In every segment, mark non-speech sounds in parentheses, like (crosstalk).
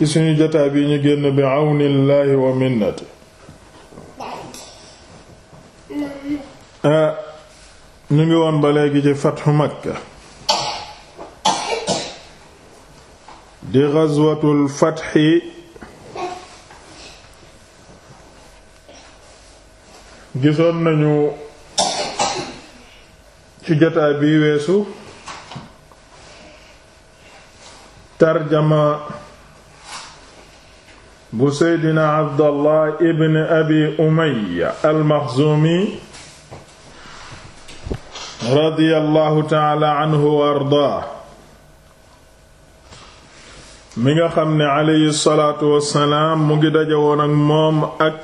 ci suñu jotaa bi ñu génn bi àwnillaahi wa minnati ah, ñu ngi woon ba léegi ci fatxu makka di gazwatul fatxi gisoon nañu ci jotaay bi weesu tarjama bu seydina abdallah ibn abi umaya almaxzumi radiyallahu taala anhu wa ardaa mi nga xam ne aleyhi salaatu wassalaam mu ngi daje woon ak moom ak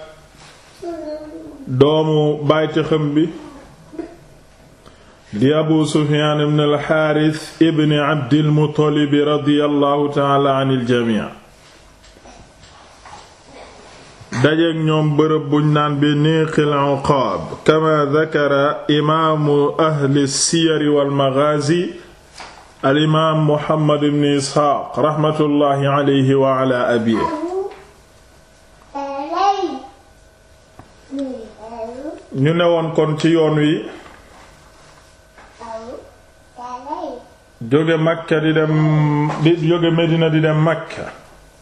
doomu bayti xam bi di abu sufyaan ibn alxaaris ibn abdilmuttalibi radiyallahu taala an iljamii dajeeg ñoom bërëb buñ naan bi niqil uqaab kama dakara imaamu ahli siyari wal maghazi al imaam muhammad ibn isxaaq raxmatullaahi alayhi wa ala abiihi ñu newoon kon ci yoon wi jóge makka di dem di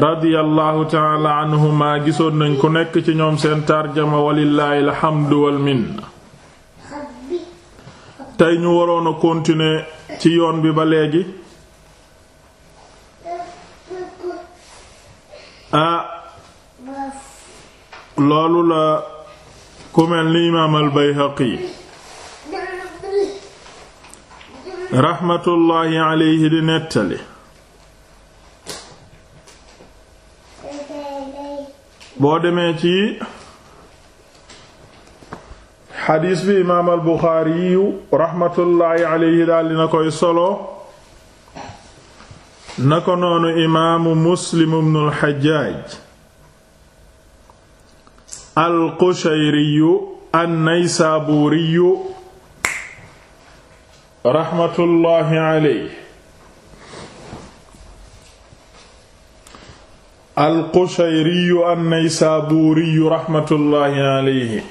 radiyallahu taala anhuma gisoon nañ ku nekk ci ñoom seen tarjama walillaahi alhamdu wal minna tey ñu waroon a continuer ci yoon bi ba léegi ah loolu la ku mel ni imaam al Bayhaqi raxmatullaahi alayhi di nettali boo demee ci xadiis bi imaam al Buxaari yu raxmatullaahi alayhi daal dina koy solo na ko noonu imaamu Muslim ibnul Xajjaaj al Qushayriyu an Naysaabuuriyu raxmatullaahi alayhi alqushayriyu annaysaabuuriyu raxmatullaahi alayhi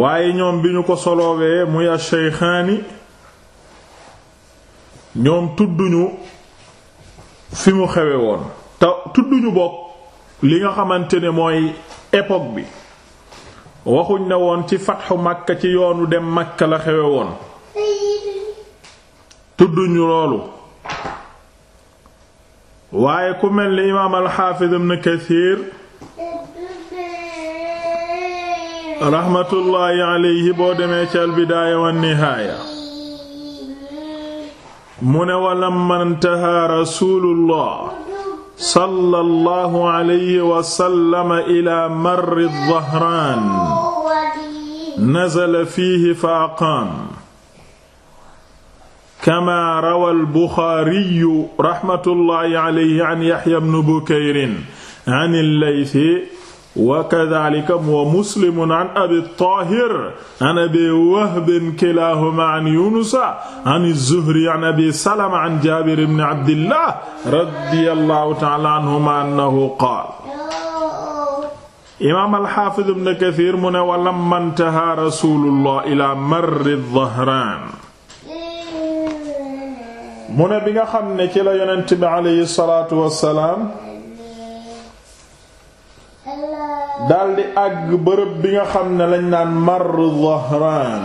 waaye ñoom bi ñu ko soloowee muy asheykhaani ñoom tudduñu fi mu xewe woon te tudduñu bokk li nga xamante ne mooy époque bi waxuñ na woon ci fatxu Makka ci yoonu dem Makka la xewe woon tudduñu loolu waaye ku mel ni imaam alxaafiz ibn kasiir raxmatullaahi alayhi boo demee ci albidaaya wa nihaaya mu ne walamma intaha rasuulullah sallallahu alayhi wa sallam ila marri dahraan nazala fiihi fa aqaam kama rawa albuxaariyu raxmatullahi alayhi an yaxya bnu bukayrin an allaysi wa kadhalika wa muslimun an abi tahir an abi wahbin kilahuma an yunusa an az-zuhri an abi salama an jabir ibn abdillah radiyallahu ta'ala anhuma annahu qaala imaam al-hafiz ibn kathir mu ne wa lamma intaha rasulullah ila marri dhahran mu ne bi nga xam ne ci la yonent bi aleyhi salaatu wassalaam daldi àgg bërëb bi nga xam ne lañ naan marr Dhahraan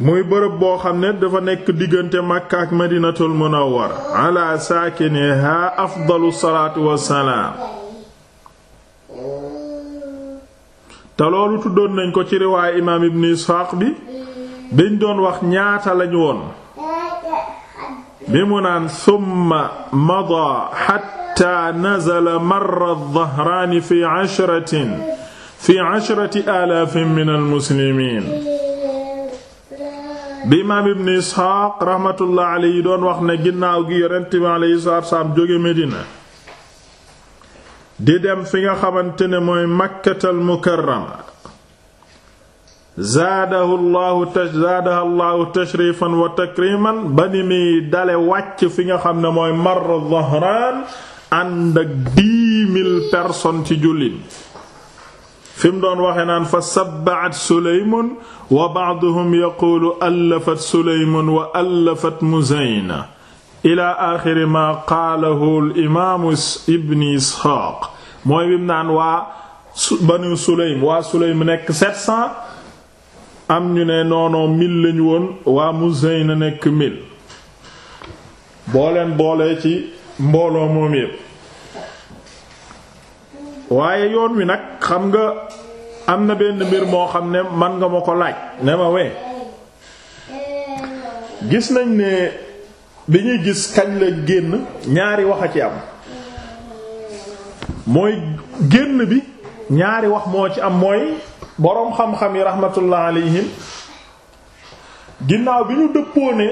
muy bërëb boo xam ne dafa nekk diggante Makka ak Madinatul Munawwara ala saakinihaa afdalu salaatu wassalaam te loolu tuddoon nañ ko ci riwaay imaam Ibn Isxaaq bi biñ doon wax ñaata lañu woon bi mu naan summa mada xatta nazala marra dahraani fi fi ashrati alaafin min bi imaam ibn isxaaq raxmatullah alayhi doon wax ne ginnaaw gi yonent bi alayhi Medina di dem fi nga xamante ne mooy makkatal mukarrama zaadahu llahu zaadaha llahu tashrifan wa takriman ba ni muy dale wàcc fi nga xam ne mooy marra Dhahraan ànd ak dix mille personnes ci jullit fi mu doon waxee naan fa sabba'at Sulaymun wa ba'duhum yaqulu allafat Sulaymun wa allafat Muzayna ila axiri ma qaalahu al-imaamu ibni Isxaaq mooy bim naan waa banu Sulaym waa Sulaym nekk 700 am ñu ne noonoo mil lañu woon waa Muzayna nekk mil boo boolee ci mbooloo moom yépp waaye yoon wi nag xam nga am na benn mbir moo xam ne man nga ma ko laaj ne ma we gis nañ ne bi ñuy gis kañ la génn ñaari wax a ci am mooy génn bi ñaari wax moo ci am mooy boroom xam-xam yi rahmatullah alayhim ginnaaw bi ñu dëppoo ne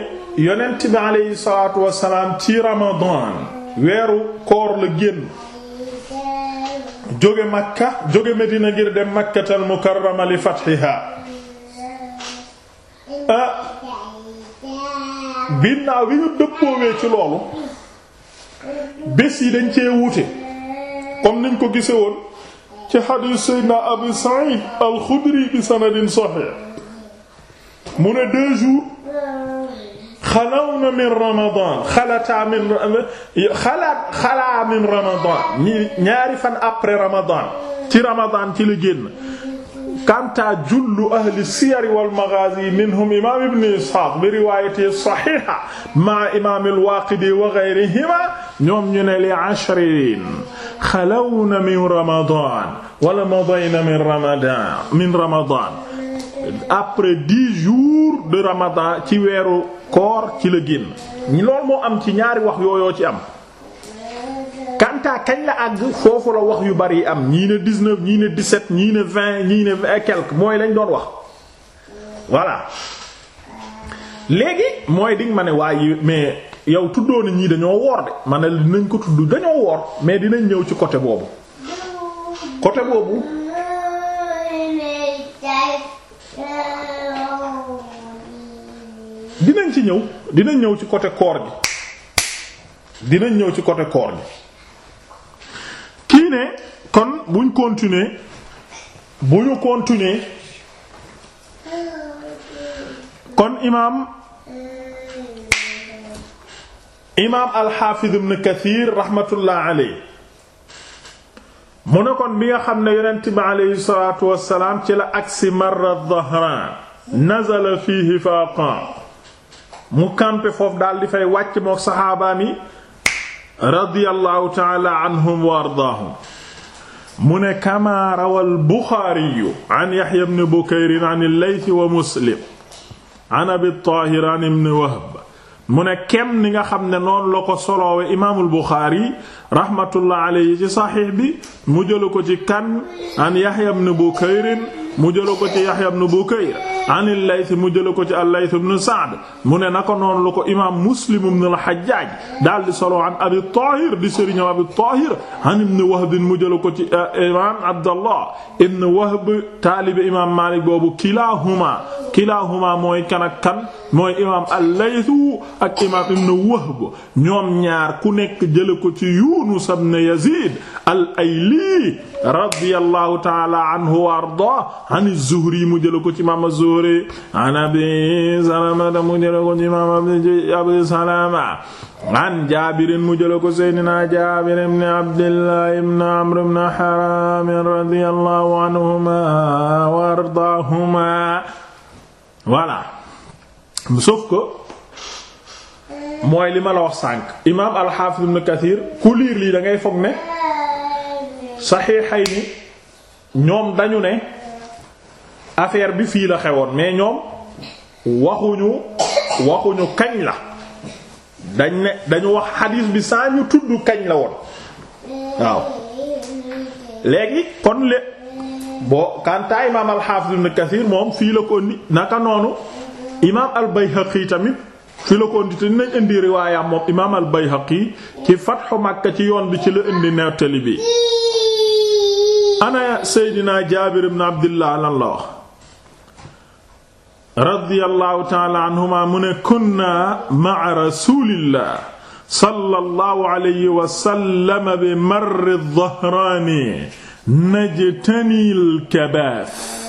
yonent bi aleyhi salaatu wasalaam ci ramadan weeru koor la génn jóge makka jóge medina ngir dem makkatal mukarrama li fathiha ah, ginnaaw bi ñu dëppoowee ci loolu bés yi dañ cee wuute comme niñ ko gisewoon ci xadiis Seydina Abu Saïd al-Xudri bi sanadin saxiix mu ne deux jours xalawna min Ramadan xalataa min xalaat xalaa min Ramadan ñi ñaari fan après Ramadan ci Ramadan ci la génn kanta jullu ahli siyari wal maghaazi minhum imaam ibn Isxaaq bi riwaayati saxiixa ma imaam al-Waaqidi wa gayrihima ñoom ñu ne li ashrin xalawna min ramadan wala madayna min ramadan min ramadan après jours de ramadan ci weeru koor ci la génn loolu moo am ci ñaari wax yooyoo ci am kanta kañ la àgg foofu la wax yu bari am ñii ne dix-neuf ñii ne dix-sept ñii ne vingt mooy lañ doon wax voilà léegi mooy dinga ma ne waaye mais yow tuddoo ni ñii dañoo woor de ma ne dinañ ko tudd dañoo woor mais dinañ ñëw ci côté boobu côté boobu dinañ ci ñëw dinañ ñëw ci côté koor gi dinañ ñëw ci côté koor gi kii ne kon buñ continuer bu ñu kon imaam imaam alxaafiz ibn kathir raxmatullah aleyhi mu ne kon bi nga xam ne yonent bi aleyhi salaatu wassalaam ci la agsi marra dhahran nazala fiihi faaqan mu kampe foofu daal di fay wàcc mook saxaabaam yi radiyallahu taala anhum wa ardaahum mu ne kamaa rawal buxaariyu an yaxya ibn bukayrin an al-layth wa muslim an abi taahir an ibn wahb mu ne kem ni nga xam ne noonu la ko soloowe imaamul Buxaari rahmatullah yi ci saxiix bi mu jëlu ko ci kan an Yaxya ibn Bukayr mu jëla ko ci Yahya ibn Bukayr an al mu jëla ko ci al-Layth ibn mu ne naka noonu la ko imaam Muslim ibn al-Hajjaj daal di solo an Abi Tahir di sëriñam Abi Tahir an ibn Wahb mu jëla ko ci eh, imaam Abdallah ibn Wahb taalibe imaam Malik boobu kilahuma kilahuma mooy kan kan mooy imaam al ak imaam ibn Wahb ñoom ñaar ku nekk jëla ko ci Yunus ibn Yazid al-Ayli radiyallahu taala anhu wa arda an Zuhri mu jëla ko ci imaam Zuhri an Abi Salama mu jëla ko ci imaam Abi Salama an Jaabirin mu jëla ko Seydina Jaabir ibn Abdillah ibn Amr ibn Haram radiyallahu anhuma wa ardaahuma voilà sauf que mooy li ma la wax sànq imaam al-Hafiz ibn Kathir ku liir lii da ngay foog ne xay saxiixayni ñoom dañu ne affaire bi fii la xewoon mais ñoom waxuñu waxuñu kañ la dañ ne dañu wax xadiis bi saa ñu tudd kañ la woon waaw léegi kon le boo kantaa imaam al-Hafiz ibn moom fii la ko indi naka noonu imaam al-Bayhaqi tamit fi la ko indi te dinañ indi riwaayam moom ci Fathu Makka ci yoon bi ci la indi nettali bi ana Seydina Jaabir ibn Abdillah lan la wax radiyallahu ta'ala anhuma mu ne kunna ma'a rasulillah sallallahu alayhi wa sallam bi marri dhahraani najtani al kabaas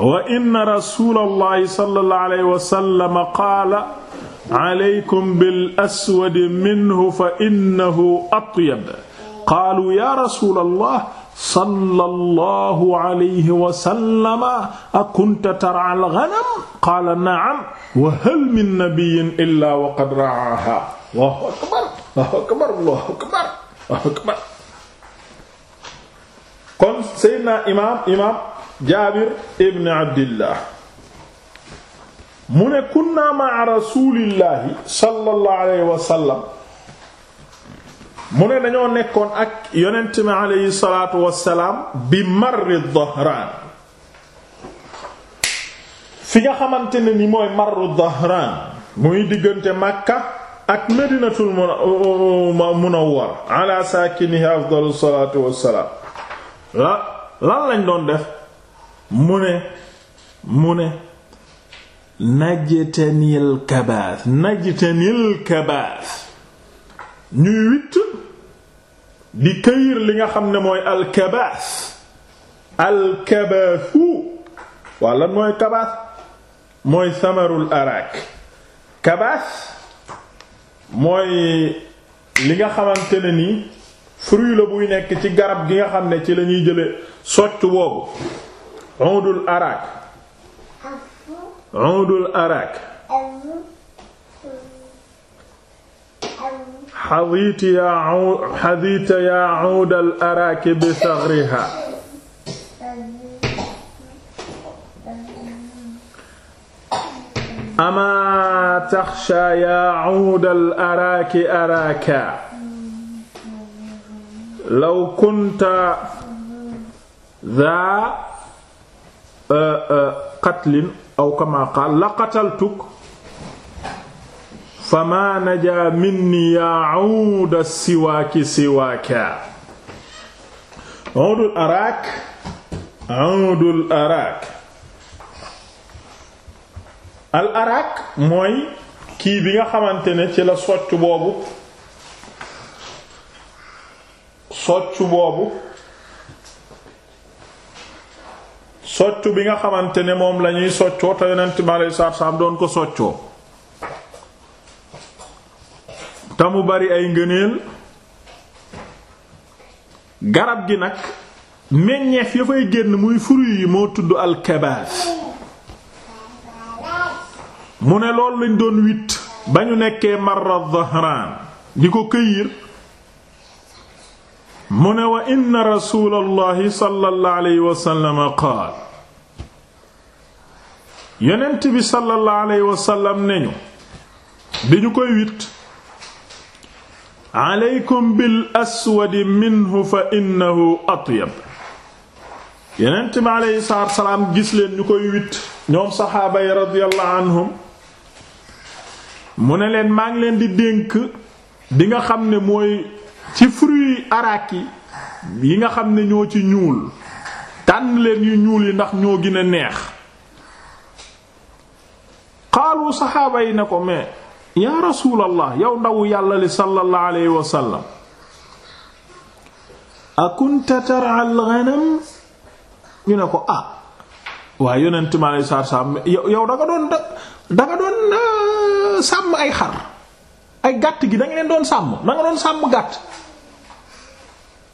wa inna rasulallahi sallallahu alayhi wa sallam qaala alaykum bil aswadi minhu fa innahu atyab qaalu ya rasulallah sallallahu alayhi wa sallam akunta tar'a al-ghanam qaala na'am wa hal min nabiyyin illaa wa qad ra'aaha Allahu akbar Allahu akbar Allahu akbar Allahu akbar kon Seydina imaam imaam jaabir ibn abdillah mu ne kunna maa rasulillahi sallallahu alayhi wa mu ne dañoo nekkoon ak yonent mi alayhi salaatu wassalaam bi marri dhahraan fi nga xamante ni mooy marru dhahraan muy diggante Makka ak madinatul uh, munawwar ala saakiniha afdalu salaatu wassalaam la lan lañ doon def mu ne mu ne najtanil kabaas najtanil kabaas ñuy witt di këyir li nga xam ne mooy alkabaas alkabaasu waa lan mooy kabaas mooy samarul araak kabaas mooy li nga xamante ne nii fruit la buy nekk ci garab gi nga xam ne ci lañuy jële soccu boobu Udul Arak Udul Arak xadiita yaa xadiita yaa Udal Arak bi saxriha amaa taxsha yaa Udal Arak araka law kunta daa Euh, euh, qatlin aw kama qaal la qataltuk fama najaa minni yaa awda siwaaki siwaaka awdul araak awdul araak al araak mooy kii bi nga xamante ne ci la soccu boobu soccu boobu soccu bi nga xamante ne moom lañuy ñuy soccoo te yonent bi aleyhi doon ko soccoo te mu bari ay ngëneel garab gi nag meññeef ya fay génn muy fruit yi moo tudd alkabaas mu ne loolu lañ doon witt ba ñu nekkee marra dhahraan di ko këyir mu ne wa inna rasulallahi sallallahu alayhi wa sallam qaal yonent bi sallallahu alayhi wa sallam ñu bi ñu koy wit aleykum bil aswadi minhu fa innahu atyab yonent bi aleyhi salaam gis leen ñu koy wit ñoom saxaaba yi radiyallahu anhum mu ne leen maa leen di dénk bi nga xam ne mooy ci fruit araki yi nga xam ne ñoo ci ñuul tànn leen yu ñuul yi ndax ñoo gën a neex xaalu saxaaba yi ne ko mais yaa rasuulallah yow ndawu yàlla li sallallahu alayhi wa sallam akunta tar'a ñu ne ko ah waaye yonent ma lay saar sàmm yow da doon da nga doon euh, sàmm ay xar ay gàtt gi da leen doon sàmm da nga doon sàmm gàtt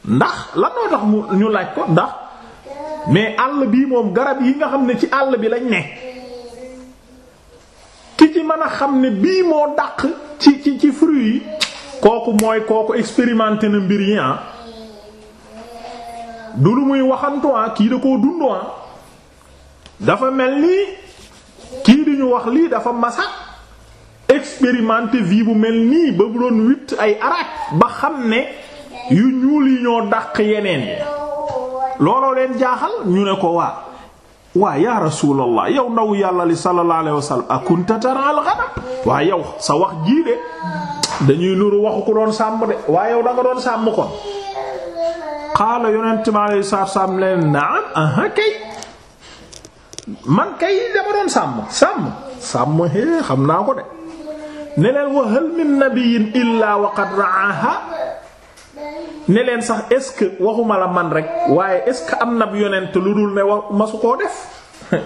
ndax lan noo tax ñu laaj ko ndax mais àll bii moom garab yi nga xam ne ci àll bi lañ ne ki ci mën a xam ne bii moo dàq ci ci ci fruit yi kooku mooy kooku expérimenté na mbir yi ah du lu muy waxantu ah, kii da koo dund ah dafa mel ni kii di wax lii dafa masa expérimenté vie bu mel nii ba bu doon witt ay araak ba xam ne yu ñuul yi ñoo dàq yeneen yi looloo leen jaaxal ñu ne ko waa waaye yaa rasulallah yow ndaw yàlla li sallallahu alayhi wa sallam akunta tara al ghanam waaye yow sa wax jii de dañuy nuru waxu ko doon sàmm de waaye yow da doon sàmm kon xaala yonent mi alayhi salaatu salaam leen naam aha kay man kay dama doon sàmm sàmm sàmm hee xam naa ko de ne wa hal min nabiyyin illaa wa qad ra'aha ne leen sax est-ce que waxuma la man rek waaye est-ce am na bu yonent lu dul ne masu koo def (laughs)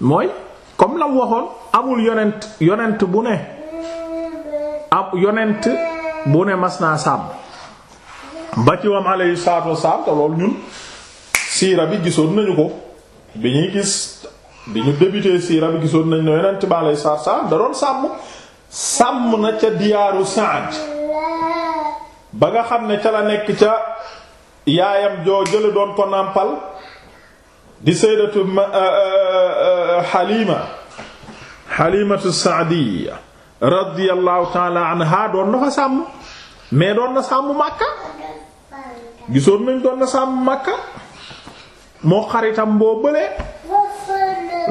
mooy comme la waxoon amul yonent yonent bu ne ab yonent bu ne mas naa sàmm ba ci wam alayhi salaatu wasalaam loolu ñun siira bi gisoo nañu ko bi ñuy gis bi ñu débuté siira bi gisoon nañ ne yonent ba alayhi salaatu wasalaam da doon sàmm sàmm na ca diyaaru Saad ba nga xam ne ca la nekk ca yaayam joo jële doon ko nàmpal di sayyidatu euh, euh, euh, Halima Halimatu Saadiya radiyallahu taala anha doon na fa sàmm mais doon na sàmm Makka gisoon nañ doon na sàmm Makka moo xaritam boo bële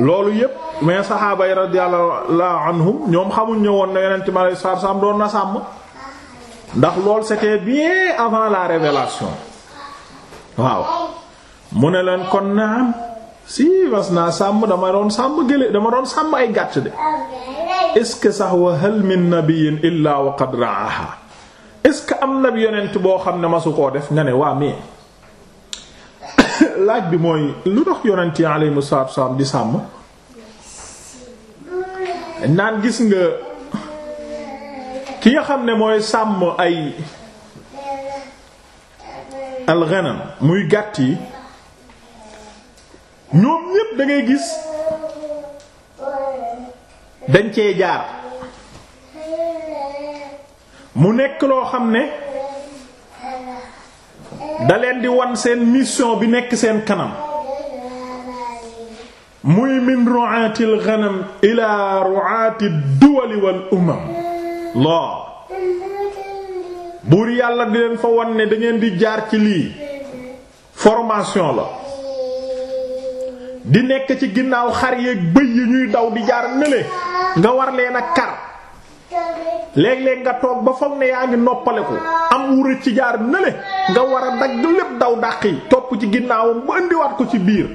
loolu yépp mais saxaaba yi radiyallahu anhum ñoom xamuñ ne woon na yonent mi alayhi salaam doon na sàmm ndax lool c'était bien avant la révélation waaw mu ne leen kon naam si was naa sàmm dama doon sàmm gële dama doon sàmm ay gàtt de est-ce que sax wa hal min nabiyyin illaa wa qad ra'aha est-ce que am na bi yonent boo xam ne masu koo def nga ne waa mais (coughs) laaj bi mooy lu tax yonent yi alayhimu salaatu wa salaam di sàmm naan gis nga ki nga xam ne mooy sàmm ay alxanam muy gàtt yi ñoom ñépp da gis dañ cee jaar mu nekk loo xam ne da leen di wan seen mission bi nekk seen kanam muy min ru'atil ghanam ila ru'atid duwali wal loo buur yàlla di leen fa wan ne da di jaar ci lii formation la di nekk ci ginnaaw xar yeeg bëy yi ñuy daw di jaar nele nga war leen a kar léeg-léeg nga toog ba foog ne yaa ngi noppaleku am wu rëcc ci jaar nele nga war a dagg lépp daw dàq yi topp ci ginnaawam ba indiwaat ko ci biir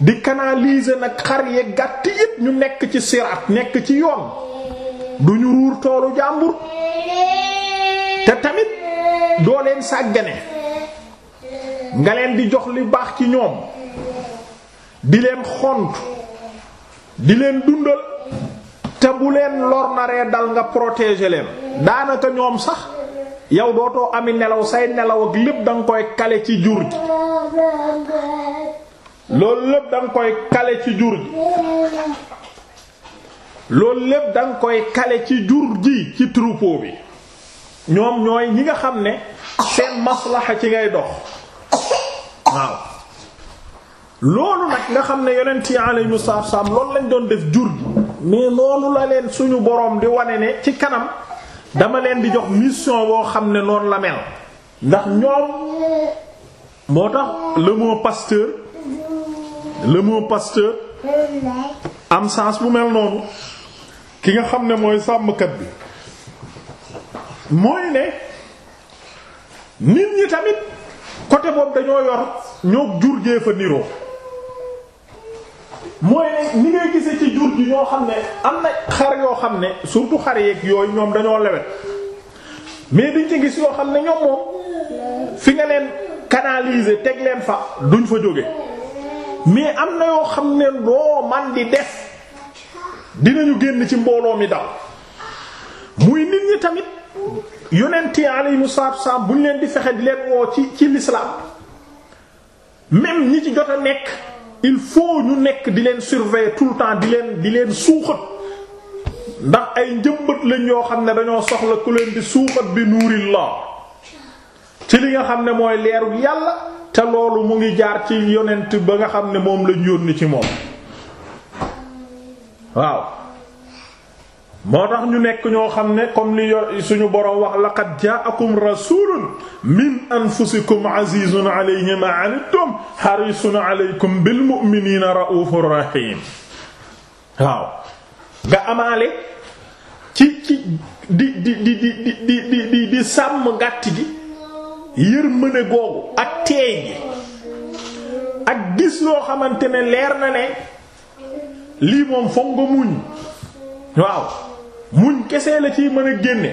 di canaliser nag xar yeeg gàtt yépp ñu nekk ci siraat nekk ci yoon. du ñu ruur toolu jàmbur te tamit doo leen sàggane nga leen di jox li baax ci ñoom di leen xont di leen dundal te bu leen lor naree dal nga protéger leen daanaka ñoom sax yow dootoo ami nelaw say nelaw ak lépp danga koy kale ci jur ji loolu lépp danga koy kale ci jur ji loolu lépp da nga koy kale ci jur ji ci troupeau bi ñoom ñooy ñi nga xam ne seen maslaxa ci ngay dox waaw loolu nag nga xam ne yonent yi alayhimu salaam loolu lañ doon def jur gi mais noonu la leen suñu boroom di wane ne ci kanam dama leen di jox mission woo xam ne noonu la mel ndax ñoom moo tax le pasteur le pasteur am sens bu mel noonu ki nga xam ne mooy sàmmkat bi mooy ne nit ñi tamit côté boobu dañoo yor ñoo jur gee fa niroo mooy ne ni ngay gisee ci jur gi ñoo xam ne am na xar yoo xam ne surtout xar yeeg yooyu ñoom dañoo lewet mais diñ ci gis yoo xam ne ñoom moom fi nga leen canaliser teg leen fa duñ fa jóge mais am na yoo xam ne loo man di def dinañu génn ci mbooloo mi daw muy nit ñi tamit yonent yi alayhimu salaatu salaam bu ñu leen di fexe di leen woo ci ci l'islam même ñi ci jot a nekk il faut ñu nekk di leen surveiller tout le temps di leen di leen suuxat ndax ay njëmbat lañ yoo xam ne dañoo soxla ku leen di suuxat bi nuurillah ci li nga xam ne mooy leeru yàlla te loolu mu ngi jaar ci yonent ba nga xam ne moom lañ yónni ci moom waaw moo tax ñu nekk ñoo xam ne comme li suñu boroom wax laqad ja'akum rasulun min anfusikum azizun alayhi ma anittum harisun alaykum bil mu'minina raufur rahim waaw nga amaale ci ci di di di di di di di sàmm gàtt gi yërmande googu ak teey gi ak gis loo xamante ne leer na ne lii moom foog nga muñ waaw muñ kese la ciy mën a génne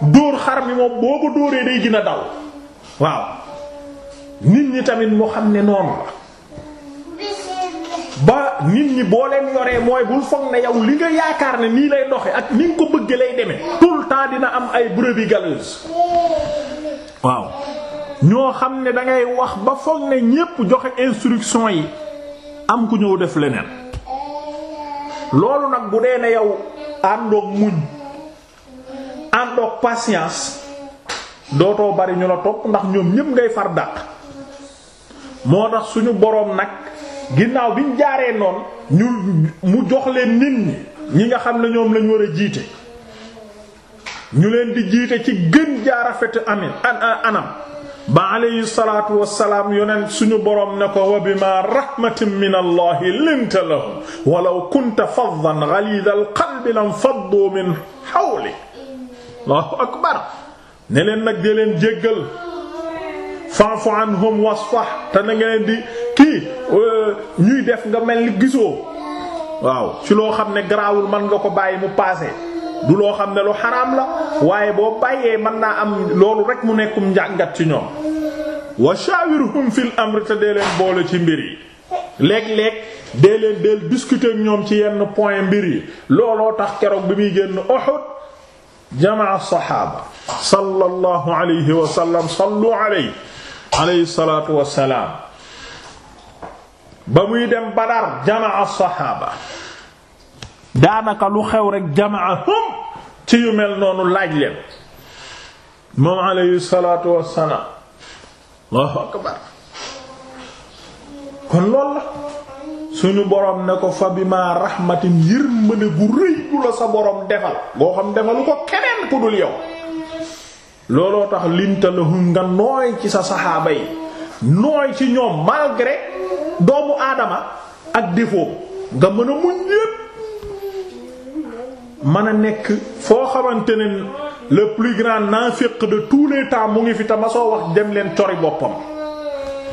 dóor xar mi moom boo ko dóoree day gën daw waaw nit ñi tamit moo xam ne noonu la ba nit ñi boo yoree mooy bul foog ne yow li nga yaakaar ne nii lay doxe ak ni nga ko bëgg lay demee tout le temps dina am ay brebis galeuses waaw ñoo xam ne dangay wax ba foog ne ñépp joxe instruction yi am ku ñëw def leneen loolu nag bu dee na yow àndoog muñ àndoog patience dootoo bari ñu la topp ndax ñoom ñépp ngay far dàq moo tax suñu boroom nag ginnaaw bi jaaree noon ñu mu jox leen nit ñi ñi nga xam ne ñoom lañu wër a jiite ñu leen di jiite ci gën jaarafet amin anam ba aleyhi salaatu wassalaam yonent suñu boroom ne ko wa bima rahmatin min allahi linta lahum walaw kunta faddan ghaliza alqalbi lam faddu min hawli allahu akbar ne leen nag dee leen jéggal fa'fu anhum wasfah te na nga leen di kii ñuy def nga mel ni gisoo waaw ci loo xam ne garaawul man nga ko bàyyi mu paase du loo xam ne lu xaraam la waaye boo bàyyee mën naa am loolu rek mu nekkum njàngat ci ñoom wa shawirhum fil amr te dee leen boole ci mbir yi léeg-léeg dee leen deel discuter ñoom ci yenn point mbir yi looloo tax keroog bi muy génn Uhud jamaa saxaaba sallallahu alayhi wa sallam sallu alayhi alayhi salaam ba muy dem Badar jamaa saxaaba daanaka lu xew rek jamaahum ci yu mel noonu laaj leen moom alayhi salaatu wassalaam Allahu kon loolu la suñu borom ne ko fa bi ma rahmatin yërmande gu rëy la sa borom defal boo xam defalu ko keneen ku dul yow looloo tax linta lahum nga nooy ci sa saxaaba yi nooy ci ñoom malgré doomu aadama ak défaut nga mën a muñ yépp mën a nekk foo xamante ne le plus grand nafiq de tous les temps mu ngi fi ta ma soo wax dem leen cori boppam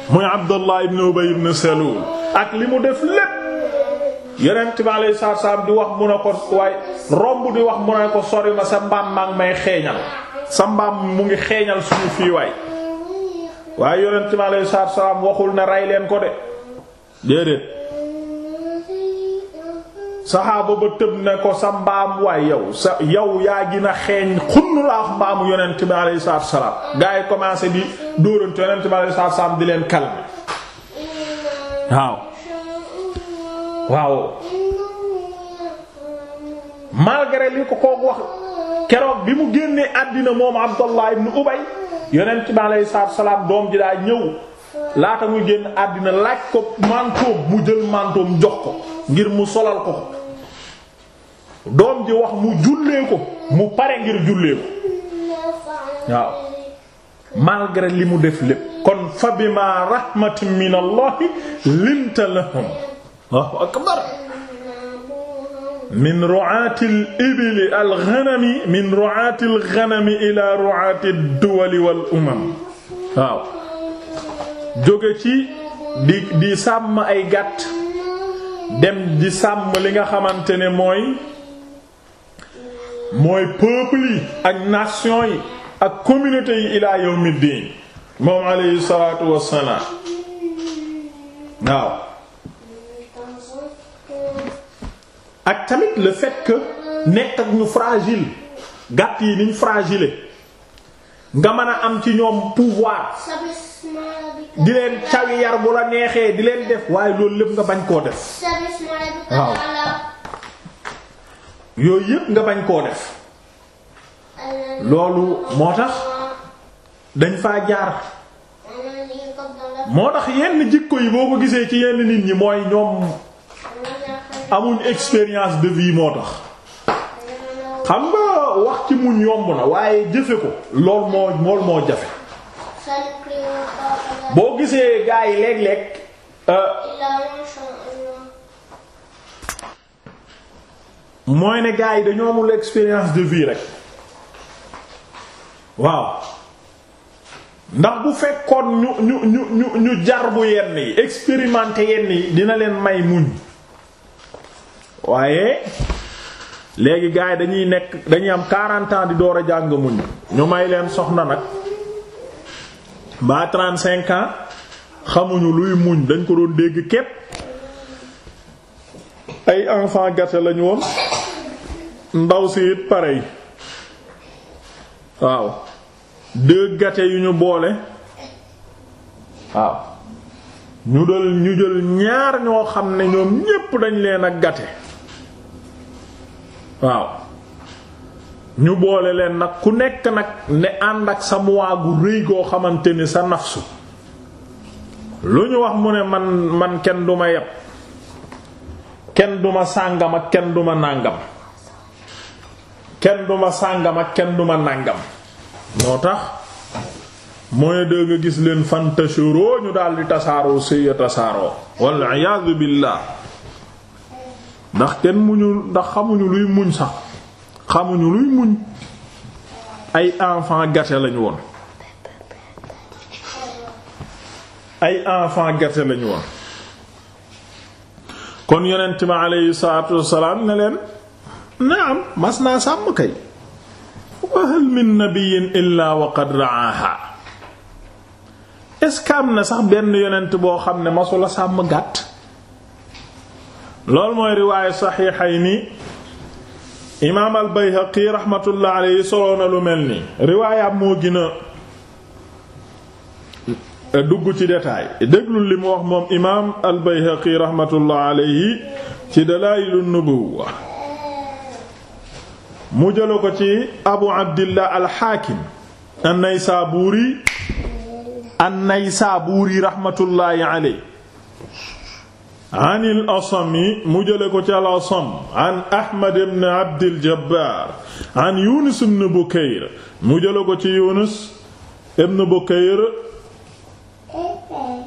muy Abdallah ibn Ubay ibn Salul ak li mu def lépp yonent bi alayhi salaatu salaam di wax mun a ko waaye romb di wax mun a ko sori ma sa mbaam maa ngi may xeeñal sa mbaam mu ngi xeeñal suñu fii waay waaye yonent bi alayhi salaatu salaam waxul ne rey leen ko de déedéet saxaaba ba tëb na ko sa mbaam waay yow sa yow yaa gina xeeñ xunn la wax mbaamu yonent bi alayhi salaatu salaam gaa yi commencé dóorante yonent bi alayhi salaam di leen calmer waaw waaw malgré li ko kooku wax keroog bi mu génnee àddina moom Abdallah ibn Ubay yonent bi alayhi salaam doom ji daa ñëw laata muy génn àddina laaj ko mantoom mu jël mantoom jox ko ngir mu solal ko doom ji wax mu jullee ko mu pare ngir jullee ko waaw malgré li mu def lépp kon fa bima rahmatin min allahi linta lahum allahu min ru'ati al-ibli al-ghanami min ru'ati al-ghanami ila ru'ati ad-duwali wal umam waaw jóge ci di di sàmm ay gàtt dem di sàmm li nga xamante ne mooy mooy peuples yi ak nation yi ak communauté yi ilaa yawmiddin moom alayhi salaatu wassalaam waaw ak tamit le fait que nekk ak ñu fragile gàtt yi niñ fragile nga mën a am ci ñoom pouvoir di leen cawi yar bu la neexee di leen def waaye loolu lépp nga bañ koo def yooyu yépp nga bañ koo def loolu moo tax dañ faa jaar moo tax yenn jikko yi boo ko gisee ci yenn nit ñi mooy ñoom amuñ expérience de vie moo tax xam nga wax ci muñ yomb na waaye jëfe ko lool moo lool moo jafe boo gisee gaa yi léeg-léeg euh, mooy ne gaa yi dañoo amul expérience de vie rek waaw ndax bu fekkoon ñu ñu ñu ñu jar bu yenn yi expérimenter yenn yi dina leen may muñ waaye léegi gars yi dañuy nekk dañuy am 40 ans di door a jàng muñ ñu may leen soxna nag ba 35 an xamuñu luy muñ dañ ko doon dégg képp ay enfant gâté lañu woon. ndaw si it yi waaw deux gate yu ñu boole waaw ñu dal ñu jël ñaar ñoo xam ne ñoom ñépp dañ leen a gate waaw ñu boole leen nag ku nekk nag ne ànd ak sa muwaa gu rëy goo xamante ni sa nafsu lu ñu wax mu ne man man kenn duma yeb kenn duma sàngam ak kenn duma nàngam kenn du ma sàngam ak kenn du ma nàngam moo tax mooy dëgg nga gis leen fantashuroo ñu daldi tasaaroo sëya tasaaroo wal iyaadu billaah ndax kenn muñu ndax xamuñu luy muñ sax xamuñu luy muñ ay enfant gâté lañu woon ay enfant gâté lañu woon kon yonent ma aleyhi salaatu wassalaam ne leen naam mas naa sàmm kay wa min nabiyyin illaa wa qad ra'aaha est na sax benn yonent boo xam ne masula sàmm gàtt loolu mooy riwaayu saxiixayni imaam al Bayhaqi raxmatullah alayhi soloo lu mel ni riwaayaam moo gën dugg ci détail déglul li mu wax moom imaam al Bayhaqi ci Dalaa'ilun Nubuwwa mu jëla ko ci abu abdillah alxaakim an-Naysaburi an-Naysaburi raxmatullaahi alayhi an al-Asami mu jële ko ci al-Asam an Ahmad ibn Abdil Jabbar an Yunus ibn Bukayr mu jële ko ci Yunus ibn Bukayr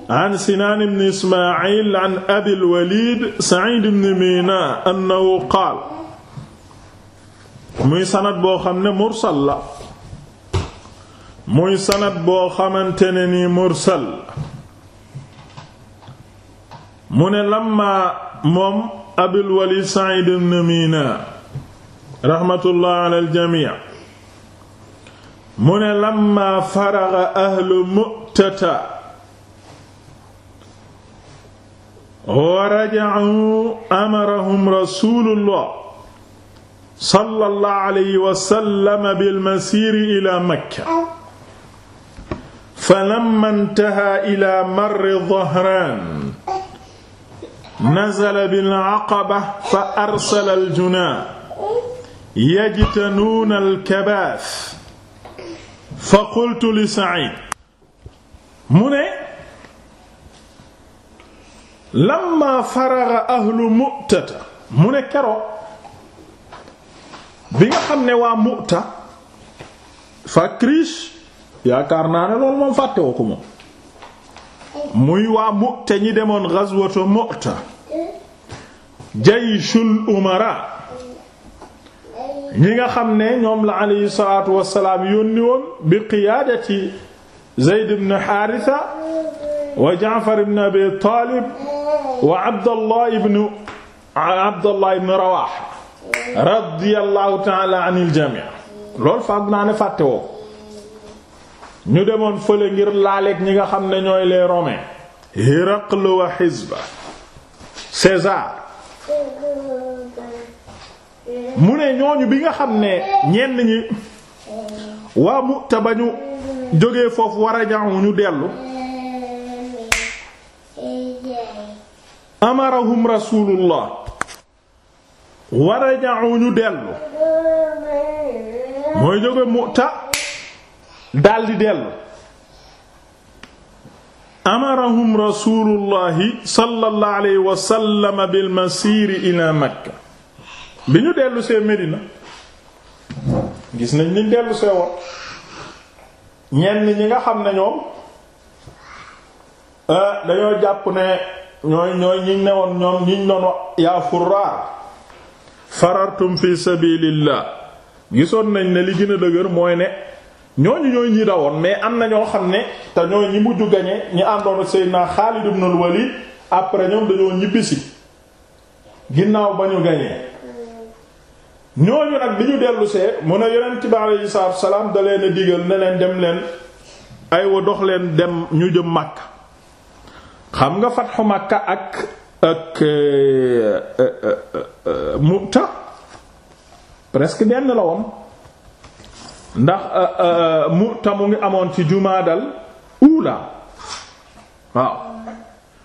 an Sinan ibn Ismaïl an Abil Walid Sa'id ibn Mina annahu qaala muy sanad boo xam ne mursal la muy sanad boo xamante ne ni mursal mu ne lamma moom abul walid sa'id ibn mina rahmatullah ala al jami' mu ne lamma faraga ahlu mu'tata wa raja'u amarahum rasulullah sallallahu alayhi wa sallam bil masiiri ila makka falamma intaha ila marri dhahraan nazala bil aqaba fa arsala al junaa yajtanuuna al kabaas fa qultu li Sa'iid mu ne lamma faraga ahlu Mu'tata mu ne keroog bi nga xam ne waa Mu'ta Fakrish yaakaar naa ne loolu moom fàtte woo muy waa Mu'ta ñi demoon ghazwatu Mu'ta jayshul umara ñi nga xam ne ñoom la alayhi salaatu wassalaam yónni woon bi qiyaadati Zayd ibn Haritha wa Ja'far ibn Abi Talib wa Abdallah ibn Abdallah radiyallahu taala anil jami loolu faag naa ne fàtte woo ñu demoon fële ngir laaleeg ñi nga xam ne ñooy lee romains Hiraql wa Hizba mu ne ñooñu bi nga xam ne ñenn ñi waa Mu'ta ba ñu jógee foofu war a jaamu ñu dellu amarahum rasulullah waraja'u ñu dellu mooy jóge Mu'ta daldi dellu amarahum rasulullahi sallallahu alayhi wa sallam bil masiri ila Makka bi ñu dellu see Medina gis nañ niñ dellu see woon ñenn ñi nga xam ne ñoom eh, dañoo jàpp ne ñooy ñooy ñiñ ne woon ñoom ñiñ doon yaa furraar farartum fi sabilillah gisoon nañ ne li gën a dëgër mooy ne ñooñu ñooy ñi dawoon mais am na ñoo xam ne te ñooy ñi mujj gañe ñi àndoon ak Seydina Xaalid ibn al-Walid après dañoo ñibbisi ginnaaw ba ñu gañee ñooñu nag bi ñu dellusee mu ne yonent bi aleyhi salaatu salaam da leen digal ne leen dem leen aywa dox leen dem ñu jëm Makka xam nga fatxu màkk ak ak euh, euh, euh, presque benn la woon ndax Mu'ta mu ngi amoon ci jumaadal uula waaw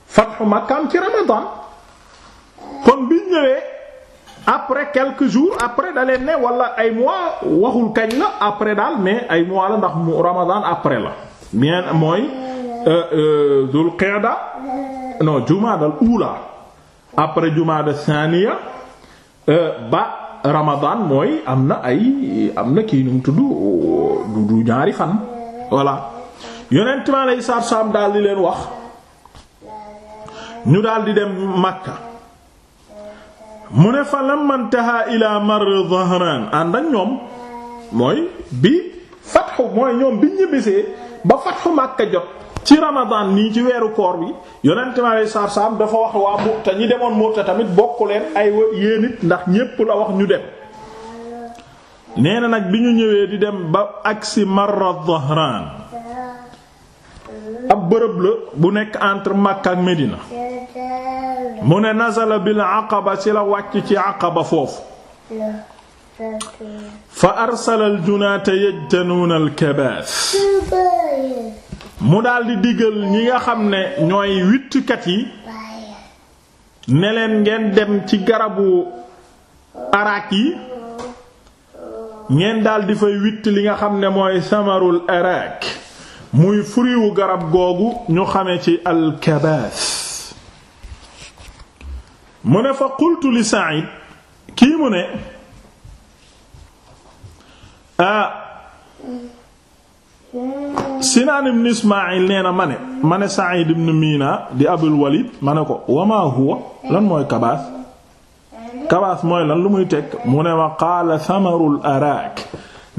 fatxu Makkaam ci Ramadan kon bi ñëwee après quelques jours après da ne wala ay mois waxul kañ la après daal mais ay moi la ndax mu Ramadan après la mien mooy Dul Qa'da non jumaadal uula après jumaada saaniya euh, ba ramadan mooy am na ay am na kii num tudd du ñaari fan voilà yonent ma lay saar saam daal di leen wax ñu daal di dem Makka mu ne fa lamantaha ila mar Dhahran ànd ak ñoom mooy bi fatxu mooy ñoom bi ñibbisee ba fatxu Makka jot ci Ramadan ni ci weeru koor bi yonent ma lay saar saam dafa wax waa Mu'ta ñi demoon Mu'ta tamit bokk leen ay yéen it ndax ñépp la wax ñu dem nee na nag bi ñu ñëwee di dem ba agsi Marra Dhahran ab bërëb la bu nekk entre Makka ak Medina mu ne nazala bil Aqaba ci la wàcc ci Aqaba foofu fa arsala al junaata yajtanuuna al kabaas mu daldi digal ñi nga xam ne ñooy wittkat yi ne leen ngeen dem ci garabu arak yi ngeen daldi fay witt li nga xam ne mooy samarul arak muy furiwu garab googu ñu xame ci alkabaas mu ne fa qultu li Sa'id kii mu ne ah Sinaan ibn Ismaayil nee ma ne ma ne Sa'iid ibn Mina di Abul Walid ma ne ko wamaa huwa lan mooy kabaas kabaas mooy lan lu muy teg mu ne ma qaala samarul araak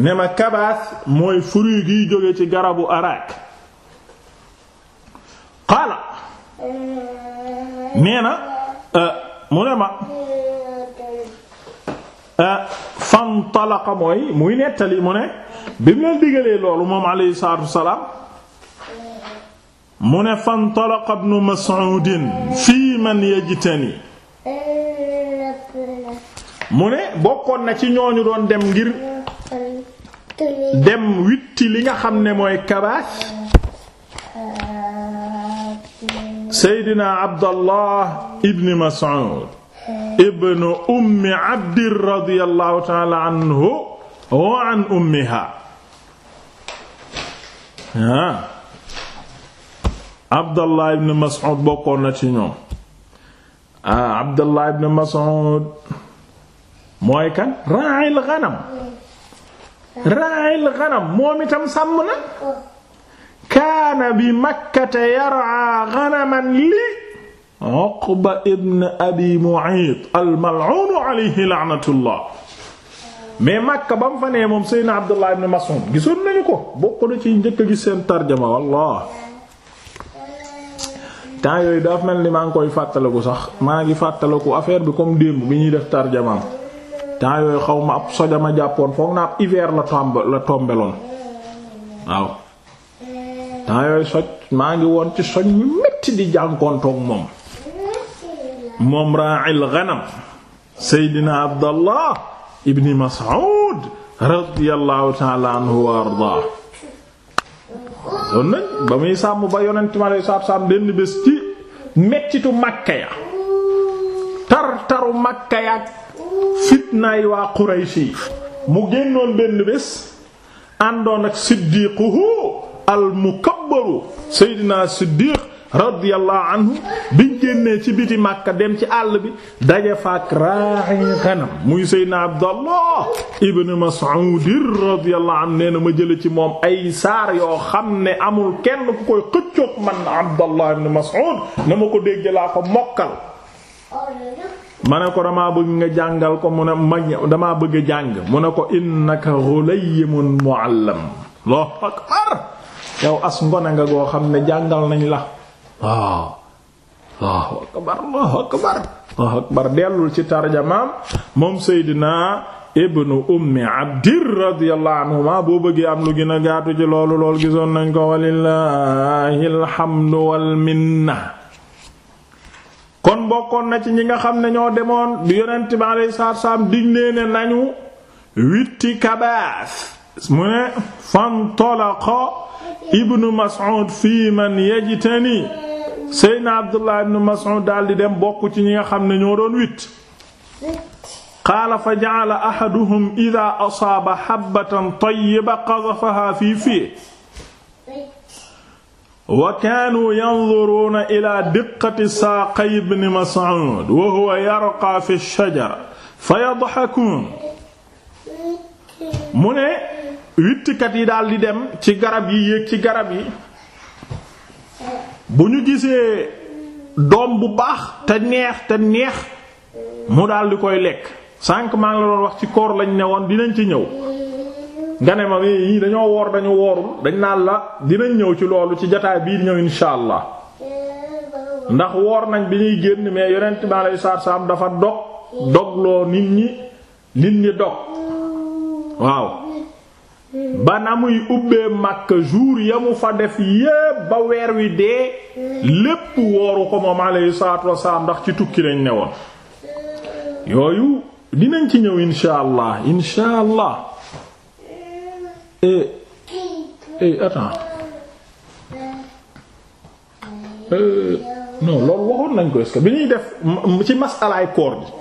ne ma kabaas mooy fruit giy jóge ci garabu araak qaala nee na euh, mu ne ma Eh, fantalaqa mooy muy nettali mu ne bi mu leen digalee loolu moom alayhi salaatu wassalaam mu ne fantalaqa ibnu mas'uudin fii man yajtani mu ne bokkoon na ci ñooñu doon dem ngir dem witti li nga xam ne mooy kabaas seydina abdallah ibn mas'uud ibnu ummi abdir radiyallahu taala anhu wa an ummiha ah abdallah ibn mas'ud bokkoon na ci ñoom ah abdallah ibn mas'ud mooy kan ra'il ghanam ra'il ghanam moom itam sàmm na kaana bi makkata yar'a ghanaman li Uqba ibn Abi Mu'ayt al-mal'un alayhi la'natullah mais Makka ba mu fa nee moom Seydina Abdullah ibn Mas'ud gisoon nañu ko bokk na ci njëkk a gis seen tarjama wallah temps yooyu dafa mel ni maa ngi koy fàttaliku sax maa ngi fàttaliku affaire bi comme démb bi ñuy def tarjamaam temps xaw ma ab sojama jàppoon foog naa ab hiver la tombeloon waaw temps soj maa ngi woon ci soj mi metti di jànkoontoog moom moom raa'il ghanam seydina abdallah ibni mas'ud radiyallahu ta'ala anhu wa ardaa son nañ ba muy sàmm ba yonent mi alayhi salaatu salaam benn bés ci mettitu makka ya tar taru makka ya fitnaay waa qurayshi mu génnoon benn bés àndoon ak siddiquhu al mukabbaru seydina siddiq radiyallahu bi biñ ci biti Makka dem ci àll bi daje faak raa'i xanam muy Seydina Abdallah ibn Mas'ud radiyallahu nee na ma jële ci moom ay saar yoo xam ne amul kenn ku koy xëccoog man Abdallah ibn Mas'ud na ma ko dégg laa ko mokkal ma ne ko damaa bëgg nga jàngal ko mu ne ma damaa bëgg jàng mu ne ko innaka ghuliyun mu'allam Allahu akbar yow as ngone nga goo xam ne jàngal nañ la waaw dellul ci tarjamaam moom seydinaa ibnu ummi abdir radiyallahu anhuma boo bëggee am lu gën a gaatu ci loolu lool gisoon nañ ko walillahi alhamdu wal minna kon bokkoon na ci ñi nga xam ne ñoo demoon bi yonent bi alayhi salaatu salaam digle nañu witti kabaas mu ne fantalaqa ibnu mas'ud fi man yajtani Seydina Abdullah ibn Mas'ud daldi dem bokk ci ñi nga xam ne ñoo doon witt qaala fa ja'ala ahaduhum idha asaaba habbatan tayyiba qadhafaha fi fihi wa kaanu yanzuruuna ila diqqati saaqay ibn Mas'ud wa huwa yarqa fi ash-shajara fa yadhakuun mu ne wittkat yi daldi dem ci garab yi yéeg ci garab yi bu ñu gisee doom bu baax te neex te neex mu daal di koy lekk sànq maa ngi la doon wax ci koor lañ ne woon dinañ ci ñëw nga ne ma yii dañoo woor dañu woorul dañ naan la dinañ ñëw ci loolu ci jataay bii ñëw insha allah ndax woor nañ bi ñuy génn mais yonent bi saa salaam dafa dog dogloo nit ñi nit ñi dog waaw ba na muy ubbee Makka jour ya mu fa def yépp ba weer wi dee lépp wooru ko moom alayhi salaatu wasalaam ndax ci tukki lañ ne woon yooyu dinañ ci ñëw insha allah insha allah eh, eh, eh loolu waxoon nañ ko est bi ñuy def ci masalaay koor gi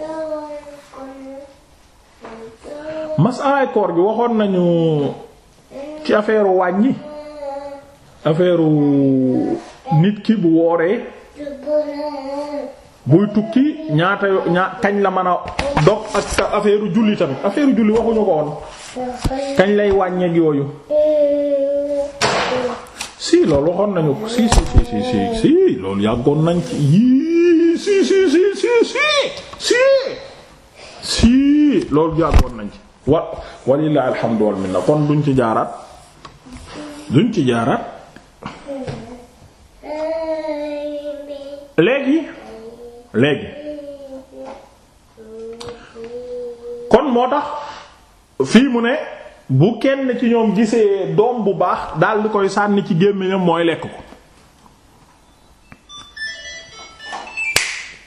masalaay koor gi waxoon nañu ci affaire wàññi affaire nit ki bu wooree buy tukki ñaata ñaa kañ la mën a dox ak affaire julli tamit affaire julli waxuñu ko woon kañ lay wàññeeg yooyu si loolu waxoon nañu ko si si si si si si loolu yàggoon nañ ci yii si si yàggoon nañ ci. wa walillahi alhamdu wal minna kon duñ ci jaaraat duñ ci jaaraat léegi léegi kon moo tax fii mu ne bu kenn ci ñoom gisee doom bu baax dal di koy sànni ci gémmiñam mooy lekk ko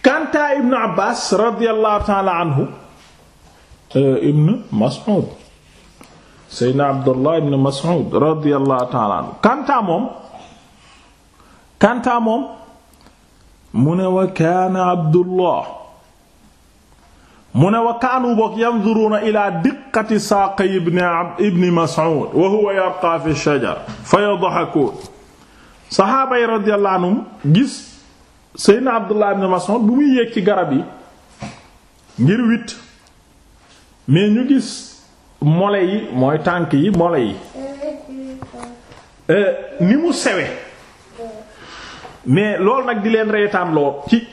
kanta ibnu abbas radiyallahu ta'ala anhu Euh, ibn Mas'ud Seydina Abdullah ibn Mas'ud radiyallahu ta'ala anhu kantaa moom kantaa moom mu ne wa kaana Abdullah mu ne wa kaanu bokk yanzuruuna ila diqqati saaqi ibn ibn Mas'ud wa huwa yarqa fi shajar fa yadhakuun saxaaba yi radiyallahu anhum gis Seydina Abdullah ibn Mas'ud bu muy yéeg ci garab yi ngir witt mais ñu gis mole yi mooy tànk yi mole yi euh, ni mu sewe mais loolu nag di leen reetaan loo ci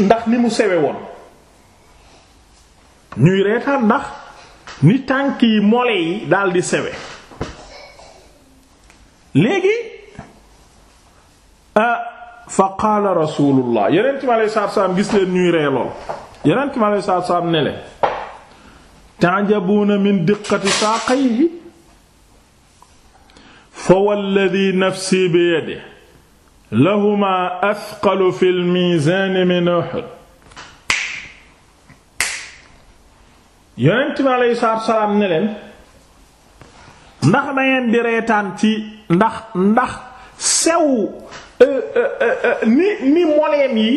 ndax ni mu sewe woon ñuy reetaan ndax ni tànk yi mole yi daal di sewe léegi ah fa qaala rasulullah yeneen ki ma lay saab saab gis leen ñuy ree lool yeneen ki ma lay saab saab ne leen ta'jabuuna min diqqati saaqayhi fa walladhi nafsi bi yadihi lahumaa athqalu fil miizaani min Uhud yonent bi aleyhi salaatu wa salaam ne leen ndax da ngeen di reetaan ci ndax ndax sew euh, euh, euh, ni ni moleem yi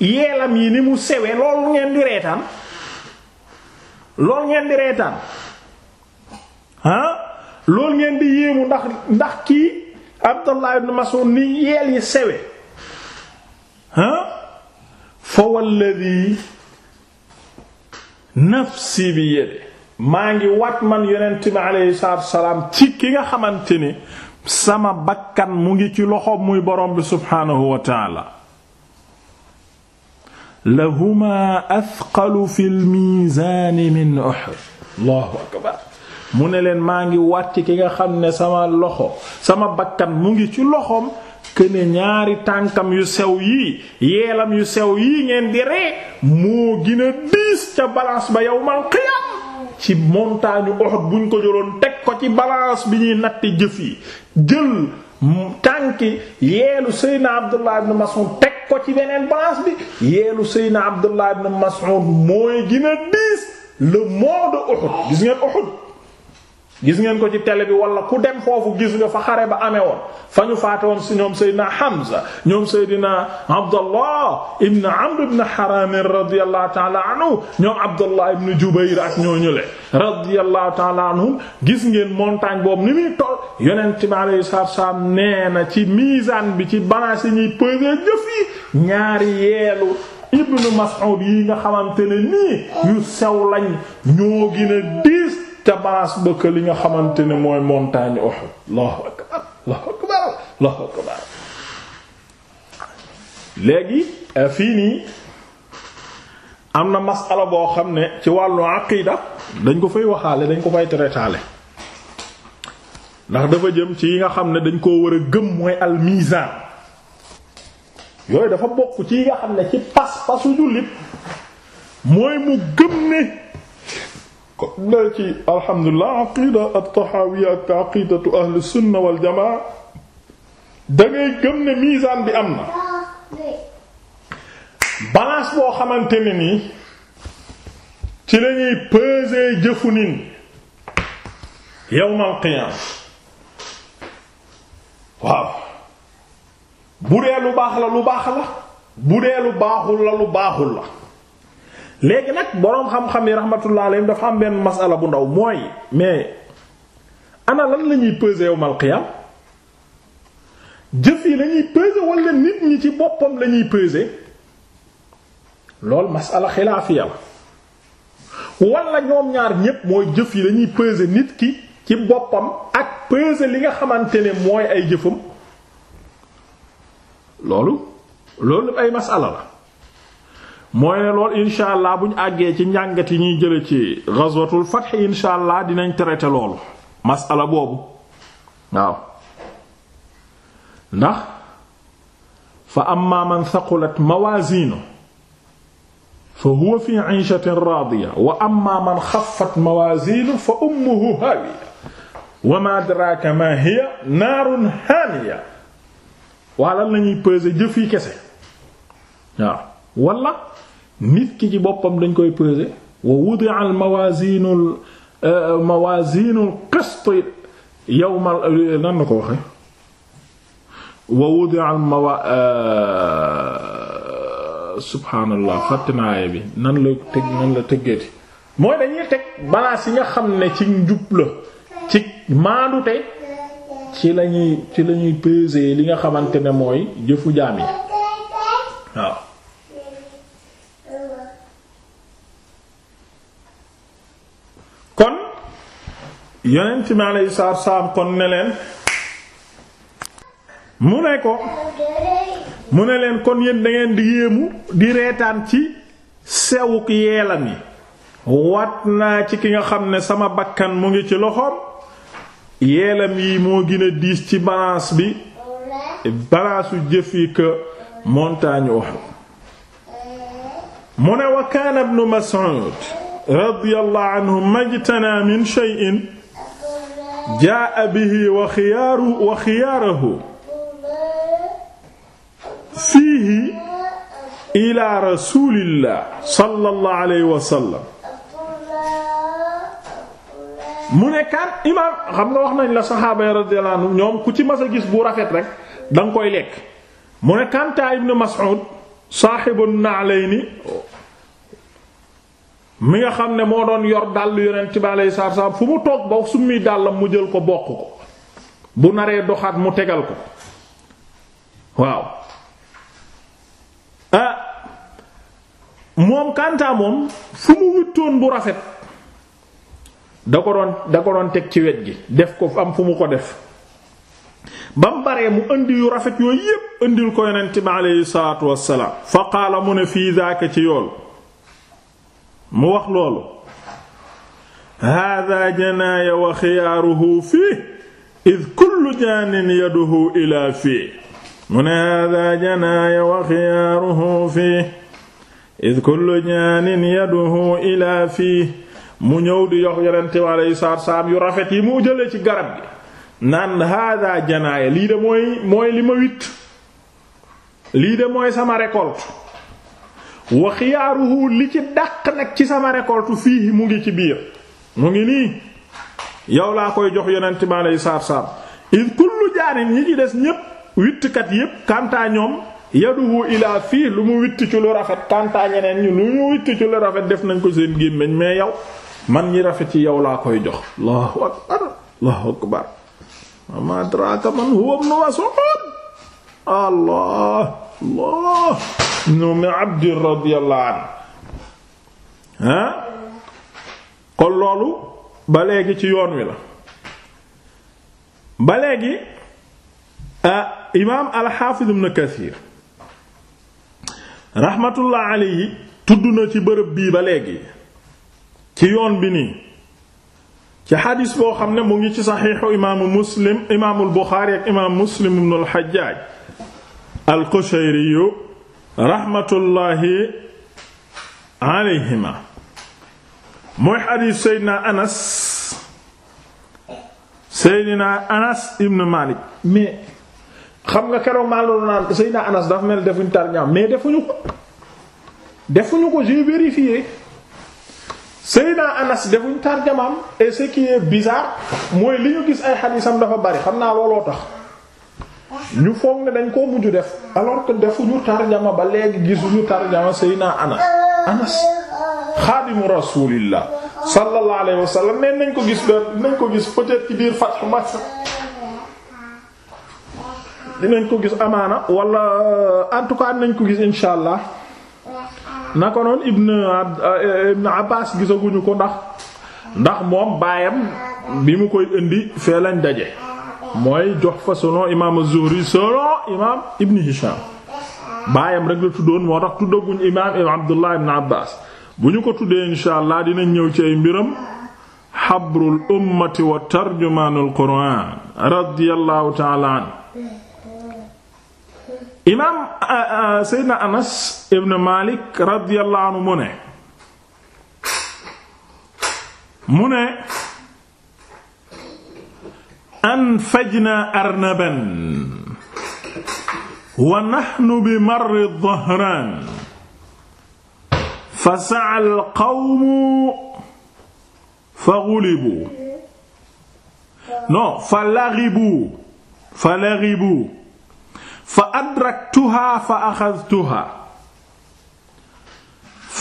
yeelam yi ni mu sewee loolu ngeen di reetaan lool ngeen di reetaan ah lool ngeen di yéemu ndax ndax kii Abdallah ibn Mas'ud ni yeel yi sewe ah fa walladhi nafsi bi yede maa ngi wat man yonent bi aleyhi salaatu wasalaam ci ki nga xamante ni sama bakkan mu ngi ci loxoom muy borom bi subhaanahu wa taala lahuma athqalu fi lmiizaani min Uhud allahu akbar mu ne leen maa ngi wàcc ki nga xam ne sama loxo sama bakkan mu ngi ci loxoom këne ñaari tànkam yu sew yii yeelam yu sew yii ngeen di ree moo gën a diis ca balance ba yawmal qiyaam ci montagne Uhud buñ ko jëloon teg ko ci balance bi ñuy natt jëf yi jël tànki yeelu Seydina Abdullah ibn Mas'ud teg ko ci beneen balance bi yeelu Seydina Abdullah ibn Mas'ud mooy gën diis le mont de Uhud gis ngeen Uhud gis ngeen ko ci télé bi wala ku dem foofu gis nga fa xare ba amee woon fa ñu faate si ñoom Seydina Hamza ñoom Seydina Abdallah ibn Amr ibn Haram radiyallahu ta'ala anhu ñoom Abdallah ibn Jubayr ak ñooñu le radiyallahu ta'ala anhum gis ngeen montagne boobu ni muy toll yonent bi alayhi salaatu wassalaam nee na ci miisaan bi ci balance yi ñuy peser jëf yi ñaari yeelu Ibn Mas'ud yi nga xamante ne nii yu sew lañ ñoo gën a diis ca baas ba yi nga xamante ne mooy montagne Uhud Allahu akbar Allahu akbar Allahu akbar léegi euh, fii nii am na masala boo xam ne ci wàllu aqida dañ ko fay waxaale dañ ko fay traitaale ndax dafa jëm ci yi nga xam ne dañ koo war a gëm mooy al mizan yooyu dafa bokk ci yi nga xam ne ci pas pasu jullit mooy mu gëm ne comme ci alhamdulilah aqida at-tahawiyya ak aqidatu ahli sunna wal jamaa gëm ne misaan bi am na balance boo xamante ne nii ci la ñuy peser jëfu nin yawmal qiyaama waaw bu dee lu baax la lu baax la bu lu baaxul la lu baaxul la léegi nag boroom xam-xam yi rahmatullah alayhim dafa am benn masala bu ndaw mooy mais ana lan la ñuy peser yawmal qiyam jëf yi lañuy ñuy peser wala nit ñi ci boppam la ñuy peser loolu masala xilaafiya la wala ñaar ñépp mooy jëf yi la ñuy nit ki ci boppam ak peser li nga xamante ne mooy ay jëfam loolu loolu ay masala la mooy ne lool incha allah buñ àggee ci njàngat yi ñuy jële ci ghazwatul fath allah dinañ traité loolu masala boobu waaw ndax fa amma man thaqulat mawazinu fa huwa fi 'ishatin radiya wa amma man khaffat mawazinu fa ummuhu hawiya wa ma adraka ma hiya naarun haamiya waa lan lañuy peser jëf yi kese walla nit ki ci boppam dañ koy peser wa wudi'a al mawazinul euh, mawazinul qist yawmal nan na ko waxe wa wudi'a al mawa euh, subhaanallah fàttinaaye bi nan la teg nan la tëggeeti mooy dañuy teg balance yi nga xam ne ci njub la ci maandute ci lañuy ci lañuy peser li nga xamante ne mooy jëfu jaam yi waaw yonent mi alayhi salaatu salaam kon ne leen mu ne ko mu ne leen kon yéen da di yéemu di reetaan ci sewuk yeelam yi wat naa ci ki nga xam ne sama bakkan mu ngi ci loxoom yeelam yi moo gin a diis ci balance bi balaasu jëf yi que montagne Uhud mu ne wa kaana radiyallahu anhu shay'in jaa bihi wa xiyaaru wa xiyaarahu fiihi ila rasulillah sallallahu alayhi mu ne kan imaam xam nga wax nañ la saxaaba yi radiyallahu anhum ñoom ku ci mas a gis bu rafet rek danga koy lekk mu ne kantaa ibnu Mas'ud saaxibu na'layni mi nga xam ne moo doon yor dàll yonent bi alayhi salaatu salaam fu mu toog ba summi dàllam mu jël ko bokk ko bu naree doxaat mu tegal ko waaw ah moom kàntaa moom fu mu wittoon bu rafet da ko doon da ko doon teg ci wet gi def ko am fu mu ko def ba mu baree mu indi yu rafet yooyu yépp indil ko yonent bi alayhi salaatu wassalaam fa qaala mu ne fii daaka ci yoon mu wax loolu hada janaaya wa xiyaaruhu fii id kullu jaanin yaduhu ila fii mu ne hada janaaya wa xiyaaruhu fii id kullu jaanin yaduhu ila fii mu ñëw di yox yonente bi aleyhi salaatu yu rafet yi mu jëlee ci garab gi naan hada janaaya lii de mooy mooy li ma witt lii de mooy sama récolte wa xiyaaruhu li ci dàq nag ci sama récolte fii mu ngi ci biir mu ngi nii yow laa koy jox yonent ma lay saar saar id kullu jaanin ñi ci des ñépp wittkat yépp kantaa ñoom yaduhu ilaa fii lu mu witt ci lu rafet kantaa ñeneen ñi lu ñu witt ci lu rafet def nañ ko seen gémmiñ mais yow man ñi rafet yi yow laa koy jox allahu akbar allahu akbar amaa adraka man huwa ibn mas'ud allah Allah ibn Abd radiyallahu kon loolu ba léegi ci yoon wi la ba léegi imaam al-Hafiz ibn Kathir rahmatullah alayhi tudd na ci bërëb bii ba léegi ci yoon bi nii ci xadis boo xam ne mu ngi ci saxiixu imaamu muslim imaamul buxaari ak imaam muslim ibn al al-Qushayriyu raxmatullaahi alayhima mooy xadiis Seydina Anas Seydina Anas ibn Malik mais xam nga keroog maa loolu naan Seydina Anas dafa mel defuñ tar ñaam mais defuñu ko defuñu ko j'ai vérifié Seydina Anas defuñ tarjamaam et ce qui est bizarre mooy li ñu gis ay xadiisam dafa bari xam naa looloo tax ñu foog ne dañ koo mujj def alors que defuñu tarjama ba léegi gisuñu tarjama Seydina Anas Anas xaadimu rasulillah sallallahu alayhi wa neen nañ ko gis benn nañ ko gis peut-être ci biir Fathu Makka dinañ ko gis amaana wala en tout cas nañ ko gis insha allah naka noonu Ibn eh, Ibn gisaguñu ko ndax ndax moom baayam bi mu koy indi fee lañ daje. mooy jox fa selon imaam az-Zuhri imaam Ibn Hisham baayam rek la tuddoon moo tax tuddaguñ imaam Abdullah ibn Abbas bu ñu ko tuddee insha allah dinañ ñëw ci ay mbiram xabrul ummati wa tarjumaanul quraan radiyallahu taala an imaam Seydina Anas ibn Malik radiyallahu anhu mu ne mu ne an fajna arnaban wa nahnu bi marri dhahraan fa sa'a al-qawmu fa ghulibu non fa laghibu fa laghibu fa adraktuha fa akhadhtuha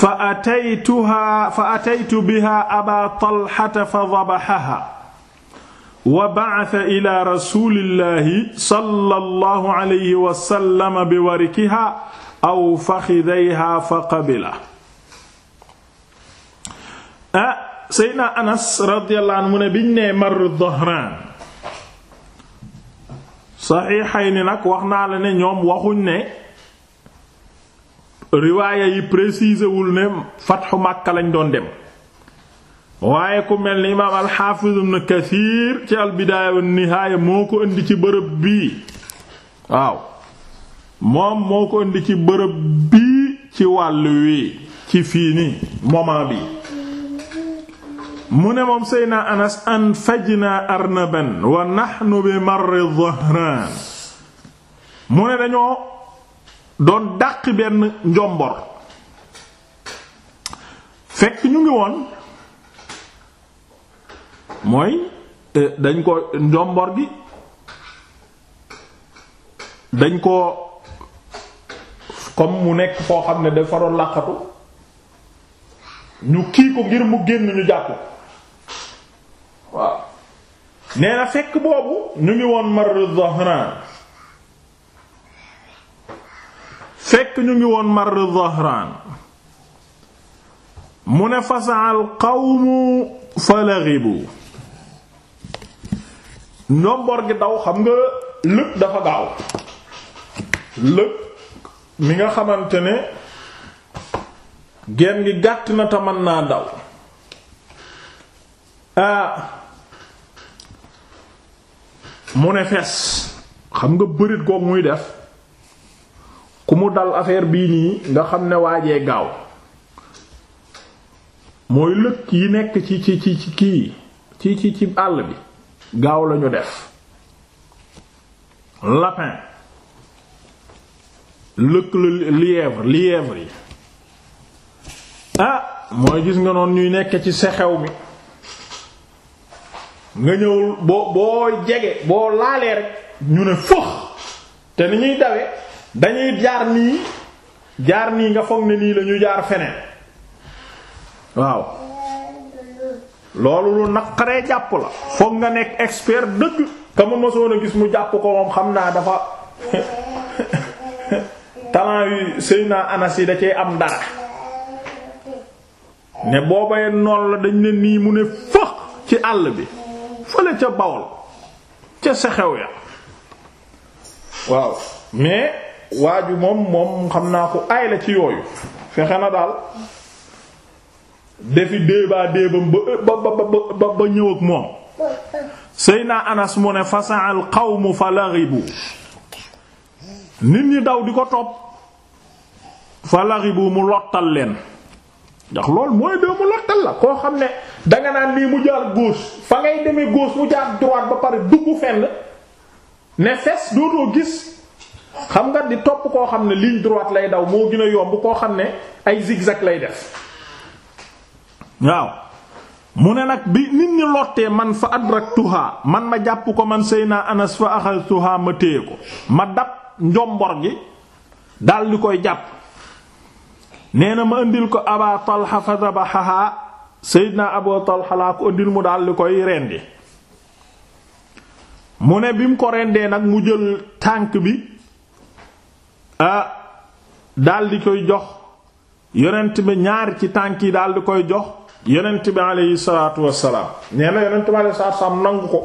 fa ataytuha fa ataytu biha aba talhata fa dhabahaha wa ba'atha ila rasulillahi sallallahu alayhi wa sallam bi warikiha aw fakhidayha fa qabila ah Anas radiyallahu anhu mu ne biñ nee marru Dahran saxiixayni nag wax na la ne ñoom waxuñ ne riwaaya yi précisé ne fatxu Makka lañ doon dem. waaye ku mel ni imaam alxaafiz ibn Kasiir ci albidaaya wa nihaaya moo ko indi ci bërëb bii waaw moom moo ko indi ci bërëb bii ci wàll wi ci fii nii bi mu ne moom Seydina Anas an fajna arnaban wa nahnu bi marri dhahran mu ne dañoo doon dàq benn njombor fekk ñu ngi woon mooy dañ ko njombor gi dañ ko comme mu nekk foo xam ne dafa doon làqatu ñu kii ko ngir mu génn ñu jàpp waaw nee na fekk boobu ñu ngi woon Marru Zahraan fekk ñu ngi woon Marru Zahraan mu ne fasaal qawmu falaxibu nombor gi daw xam nga lëg dafa gaaw lëg mi nga xamante ne genn gi gàtt na te mën naa daw ah mu ne fees xam nga bërit goog muy def ku mu dal affaire bii nii nga xam ne waajee gaaw mooy lëg yi nekk ci ci ci ci kii ci ci ci àll bi gaaw lañu def lapin lëkk lièvre lièvre yi ah mooy gis nga noon ñuy nekk ci sexew mi nga ñëwul boo boo jege boo laalee rek ñu ne fëx te ni ñuy dawe dañuy jaar nii jaar nii nga foog ne nii lañu jaar feneen waaw loolu lu naqaree jàpp la foog nga nekk expert dëgg ka ma mosoon a gis mu jàpp ko moom xam naa dafa (laughs) talent yi sëy naa anas yi da cee am dara ne boobay noonu la dañ ne nii mu ne fëx ci àll bi fële ca Bawol ca sexew ya waaw mais waaju moom moom xam naa ko aay la ci yooyu fexe na daal defi déebaa déebam ba ba ba ñëw ak moom Seyna Anas mu ne fasaa al qawmu fa laxibu nit ñi daw di ko topp fa laxibu mu lottal leen ndax lool mooy doo mu lottal la koo xam ne danga naan lii mu jaar gauche fa ngay deme gauche mu jaar droite ba pare dugg fenn ne fes dootoo gis xam nga di topp koo xam ne ligne droite lay daw moo gën a yomb koo xam ne ay zigzag lay def waaw mu ne nag bi nit ñi lottee man fa adraktuha man ma jàpp ko man sëy naa anas fa axastuha ma téye ko ma dab njombor gi dal di koy jàpp nee na ma indil ko aba talha fa dabaxaha sayyidna abu talha laa ko indil mu dal di koy rendi mu ne bi mu ko rendee nag mu jël tànk bi ah dal di koy jox yonent bi ñaari ci tànk yi dal di koy jox yonent bi aleyhi salaatu wassalaam nee na yonent bi aleyhi salaatu wassalaam nangu ko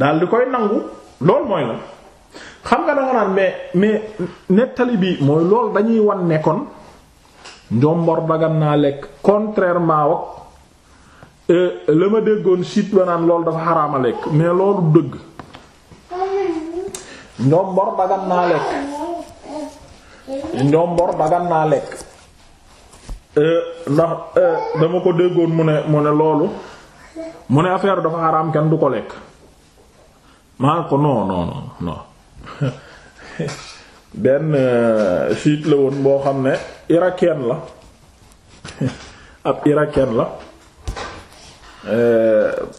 daal di koy nangu loolu mooy la xam nga danga naan mais mais nettali bi mooy loolu dañuy wan nekkoon kon njombor dagan naa lekk contrairement wak euh, déggoon siit ba naan dafa xaraama mais loolu dëgg njombor dagan naa lekk njombor dagan naa lekk Euh, ndax euh, dama ko déggoon mu ne mu ne loolu mu ne affaire dafa xaraam kenn du ko lekk maa ko non non non (laughs) benn siit euh, la woon boo xam ne irakien la (laughs) ab irakien la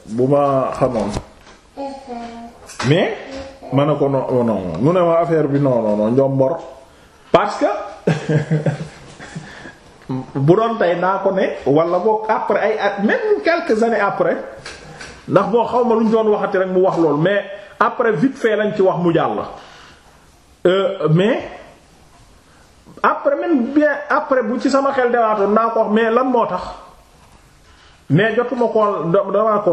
bu ma xamoon mais ma ne ko non non mu ne ma affaire bi non non non (laughs) bu doon tey naa ko ne wala boog après ay at même quelques années après ndax boo xaw ma lu ñu doon waxati rek mu wax lool mais après vite fait lañ ci wax mu jàll. Euh, mais après même après bu ci sama xel dewaatoon naa mais lan moo tax jotuma ko damaa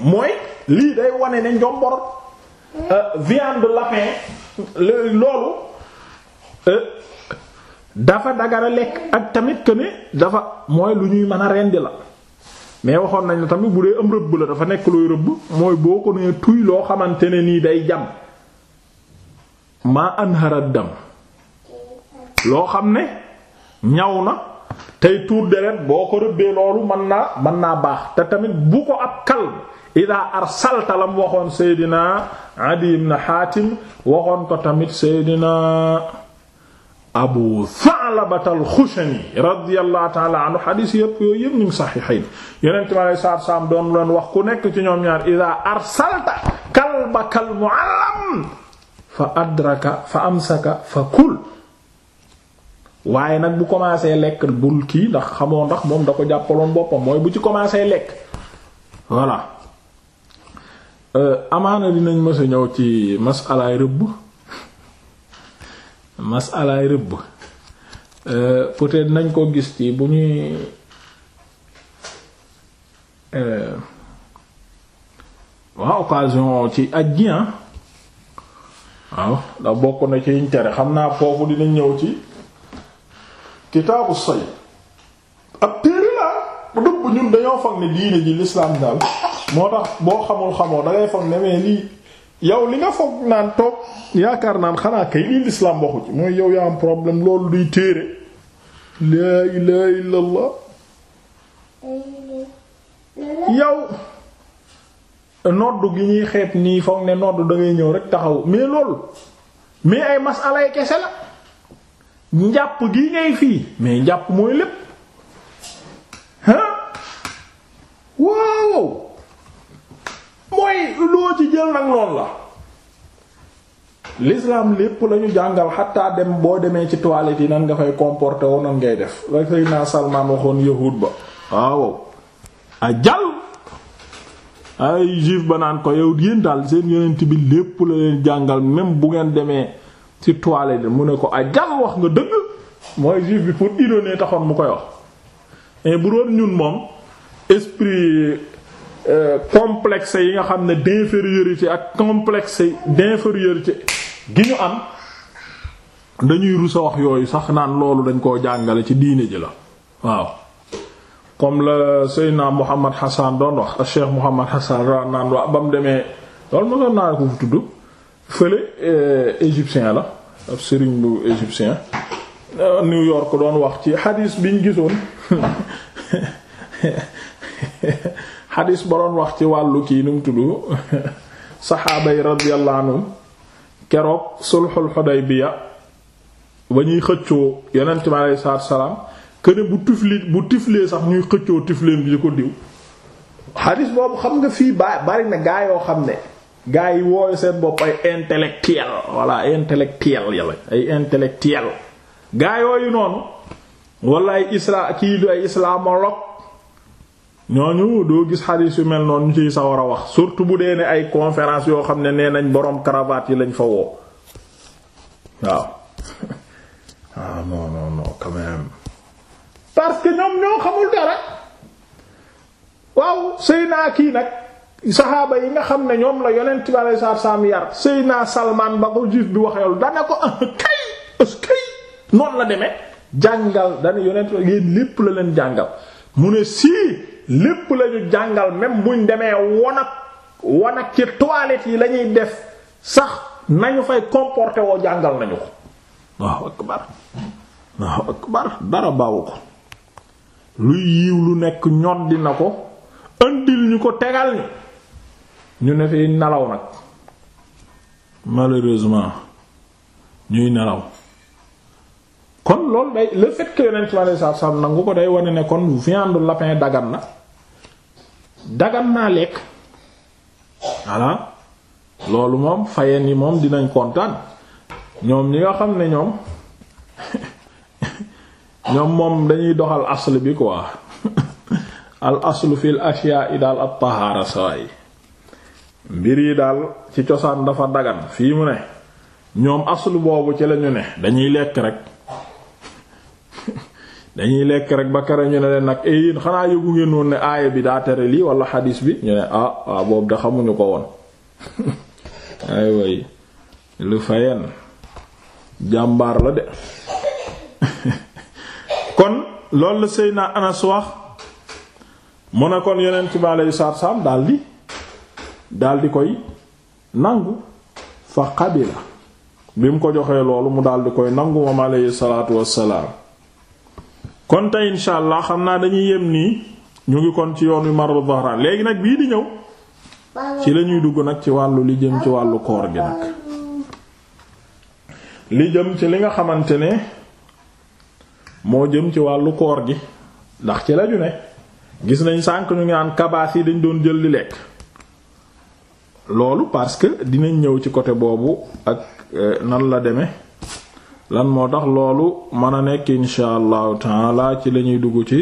mooy lii day wane ne njomborot. Euh, viande lapin loolu euh, dafa dagara lekk ak tamit que ne dafa mooy lu ñuy mën a rendi la mais waxoon nañ la tamit bu dee am rëbb la dafa nekk looy rëbb mooy boo ko nee tuy loo xamante ne nii day jam maa anhara dam loo xam ne ñaw na tey tuur deret boo ko rëbbee loolu mën naa mën naa baax te tamit bu ko ab kal ida arsalta lam waxoon seydina adi ibn xaatim waxoon ko tamit seydina abu thalabatal xushani radiyallahu taala anhu xadiis yépp yooyu yépp ñu ngi saxiixayn yonent mi alei salaatu salaam doon leen wax ku nekk ci ñoom ñaar ida arsalta kalbakal muallam fa adraka fa amsaka fa kul waaye nag bu commencé lekk bul kii ndax xamoo ndax moom da ko jàppaloon boppam mooy bu ci commencé lekk voilà Euh, amaana dinañ mësa ñëw ci masalaay rëbb masalaay rëbb euh, peut nañ ko gis ci bu ñuy euh, waaw occasion ci aj gi ah. waaw da bokk na ci yiñ xam naa foofu dinañ ñëw ci kitaabu say ab téere bu dëbb ñun dañoo foog ne diine ji l'islam daal moo tax boo xamul xamoo da ngay foog ne mais lii yow li nga foog naan toog yaakaar naan xanaa kay lii lislaam waxu ci mooy yow yaa am problème loolu duy téere laa ilaha illallah yow noddu gi ñuy xeet nii foog ne noddu da ñëw rek taxaw mais lool mais ay masalay kese la njàpp gi ngay fii mais njàpp mooy lépp ah waaw mooy loo ci jël nag noonu la l'islam lépp la ñu jàngal xataa dem boo demee ci toilette yi nan nga fay comporter woon nan ngay def la Seydina Salman waxoon yahud ba waaw a jal ay juif ba naan ko yow yéen daal seen yonent bi lépp la jàngal même bu ngeen demee ci toilette mu ne ko a jal wax nga dëgg mooy juif bi pour ironie taxoon mu koy wax mais bu doon ñun moom esprit Euh, complexe yi nga xam ne d'infériorité ak complexe d'infériorité gi ñu am dañuy rusa wax yooyu sax naan loolu dañ koo jàngale ci diine ji la waaw comme la Seydina Mohamed Hassan doon wax ak Cheikh Mohamed Hassan daan naan ba mu demee loolu mosoon naa ko fu tudd fële euh, égyptien la ab sëriñ bu égyptien euh, New York doon wax ci hadis ñu gisoon. (laughs) xadis (laughs) ba doon wax ci wàllu kii nu mu tudd saxaaba yi radiyallahu anhum keroog sulxul xudaybiya ba ñuy xëccoo yonent bi saa salaatu salaam këne bu tifli bu tiflee sax ñuy xëccoo tifleen bi di ko diw xadis boobu xam nga fii ba bari na gaa yoo xam ne gaa yi wooyu seen bopp ay intellectuel walla intellectuel yàlla ay intellectuel gaa yooyu noonu walla ay isla kii du ay islamologue ñooñu doo gis xadiis yu mel noonu ñu ciy sawar a wax surtout bu dee ne ay conférence yoo xam ne nee nañ boroom cravate yi lañ fa woo waaw (laughs) ah, que ñoom ñoo xamul dara waaw Seydina kii nag saxaaba yi nga xam ne ñoom la yonent bi alayhi salaatu salaam sëy naa salmaan ba ko juif bi waxeelu dana ko ah kay kay noonu la deme jàngal dana yonent yéen lépp la leen jàngal mu ne sii lépp lañu jàngal même buñ demee wanag wanag ci toilette yi lañuy def sax nañu fay comporté woo jàngal nañu ko waaw akbar waaw akbar dara baawu ko luy yiw lu nekk ñoddi na ko indil ñu ko tegal ñu ñu ne fiy nelaw nag malheureusement ñuy nelaw kon loolu day la fait que yonent sallallahu alayhi nangu ko day wane ne kon viande lapin dagan na dagan naa lekk voilà loolu moom fayeen yi moom dinañ kontaan ñoom ñi nga xam ne ñoom (laughs) ñoom moom dañuy doxal asl bi quoi (laughs) al aslu fil ashyaa i daal at tahaara sawaay mbir yi daal ci cosaan dafa dagan fii mu ne ñoom aslu boobu ci lañu ne dañuy lekk rek dañuy lekk rek ba kere ñu ne leen nag eh yéen xanaa yëgu ngeen woon ne aaya bi daa tere lii wala xadiis bi ñu ne ah waaw ah, boobu da xamuñu ko woon (laughs) ay way lu fayen jàmbaar la de (laughs) kon loolu la naa Anas wax mu ne kon yeneen ci bale yu saat saam daal di daal di koy nangu fa qabila bi mu ko joxee loolu mu daal di koy nangu moom alayhi salaatu wassalaam kon tey insha allah xam naa dañuy yem nii ñu ngi kon ci yoon wi marru dhahran léegi nag bii di ñëw ci lañuy dugg nag ci wàllu li jëm ci wàllu koor gi li jëm ci li nga xamante ne moo jëm ci wàllu koor gi ndax ci lañu ne gis nañ sànq ñu ngi naan kabaas yi dañ doon jël di lekk loolu parce que dinañ ñëw ci côté boobu ak euh, nan la demee lan moo tax loolu mën a nekk insha allahu taala ci lañuy dugg ci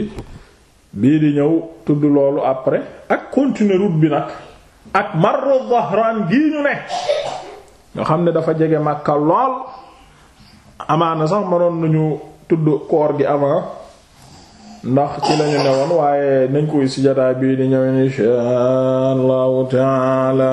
bii di ñëw tudd loolu après ak continuer route bi nag ak marru Dhahran gii ñu ne nga xam ne dafa jege Makka lool amaana sax mënoon nañu tudd koor gi avant ndax ci lañu ne woon waaye nañ koy si jotaay bii di ñëw insha allahu taala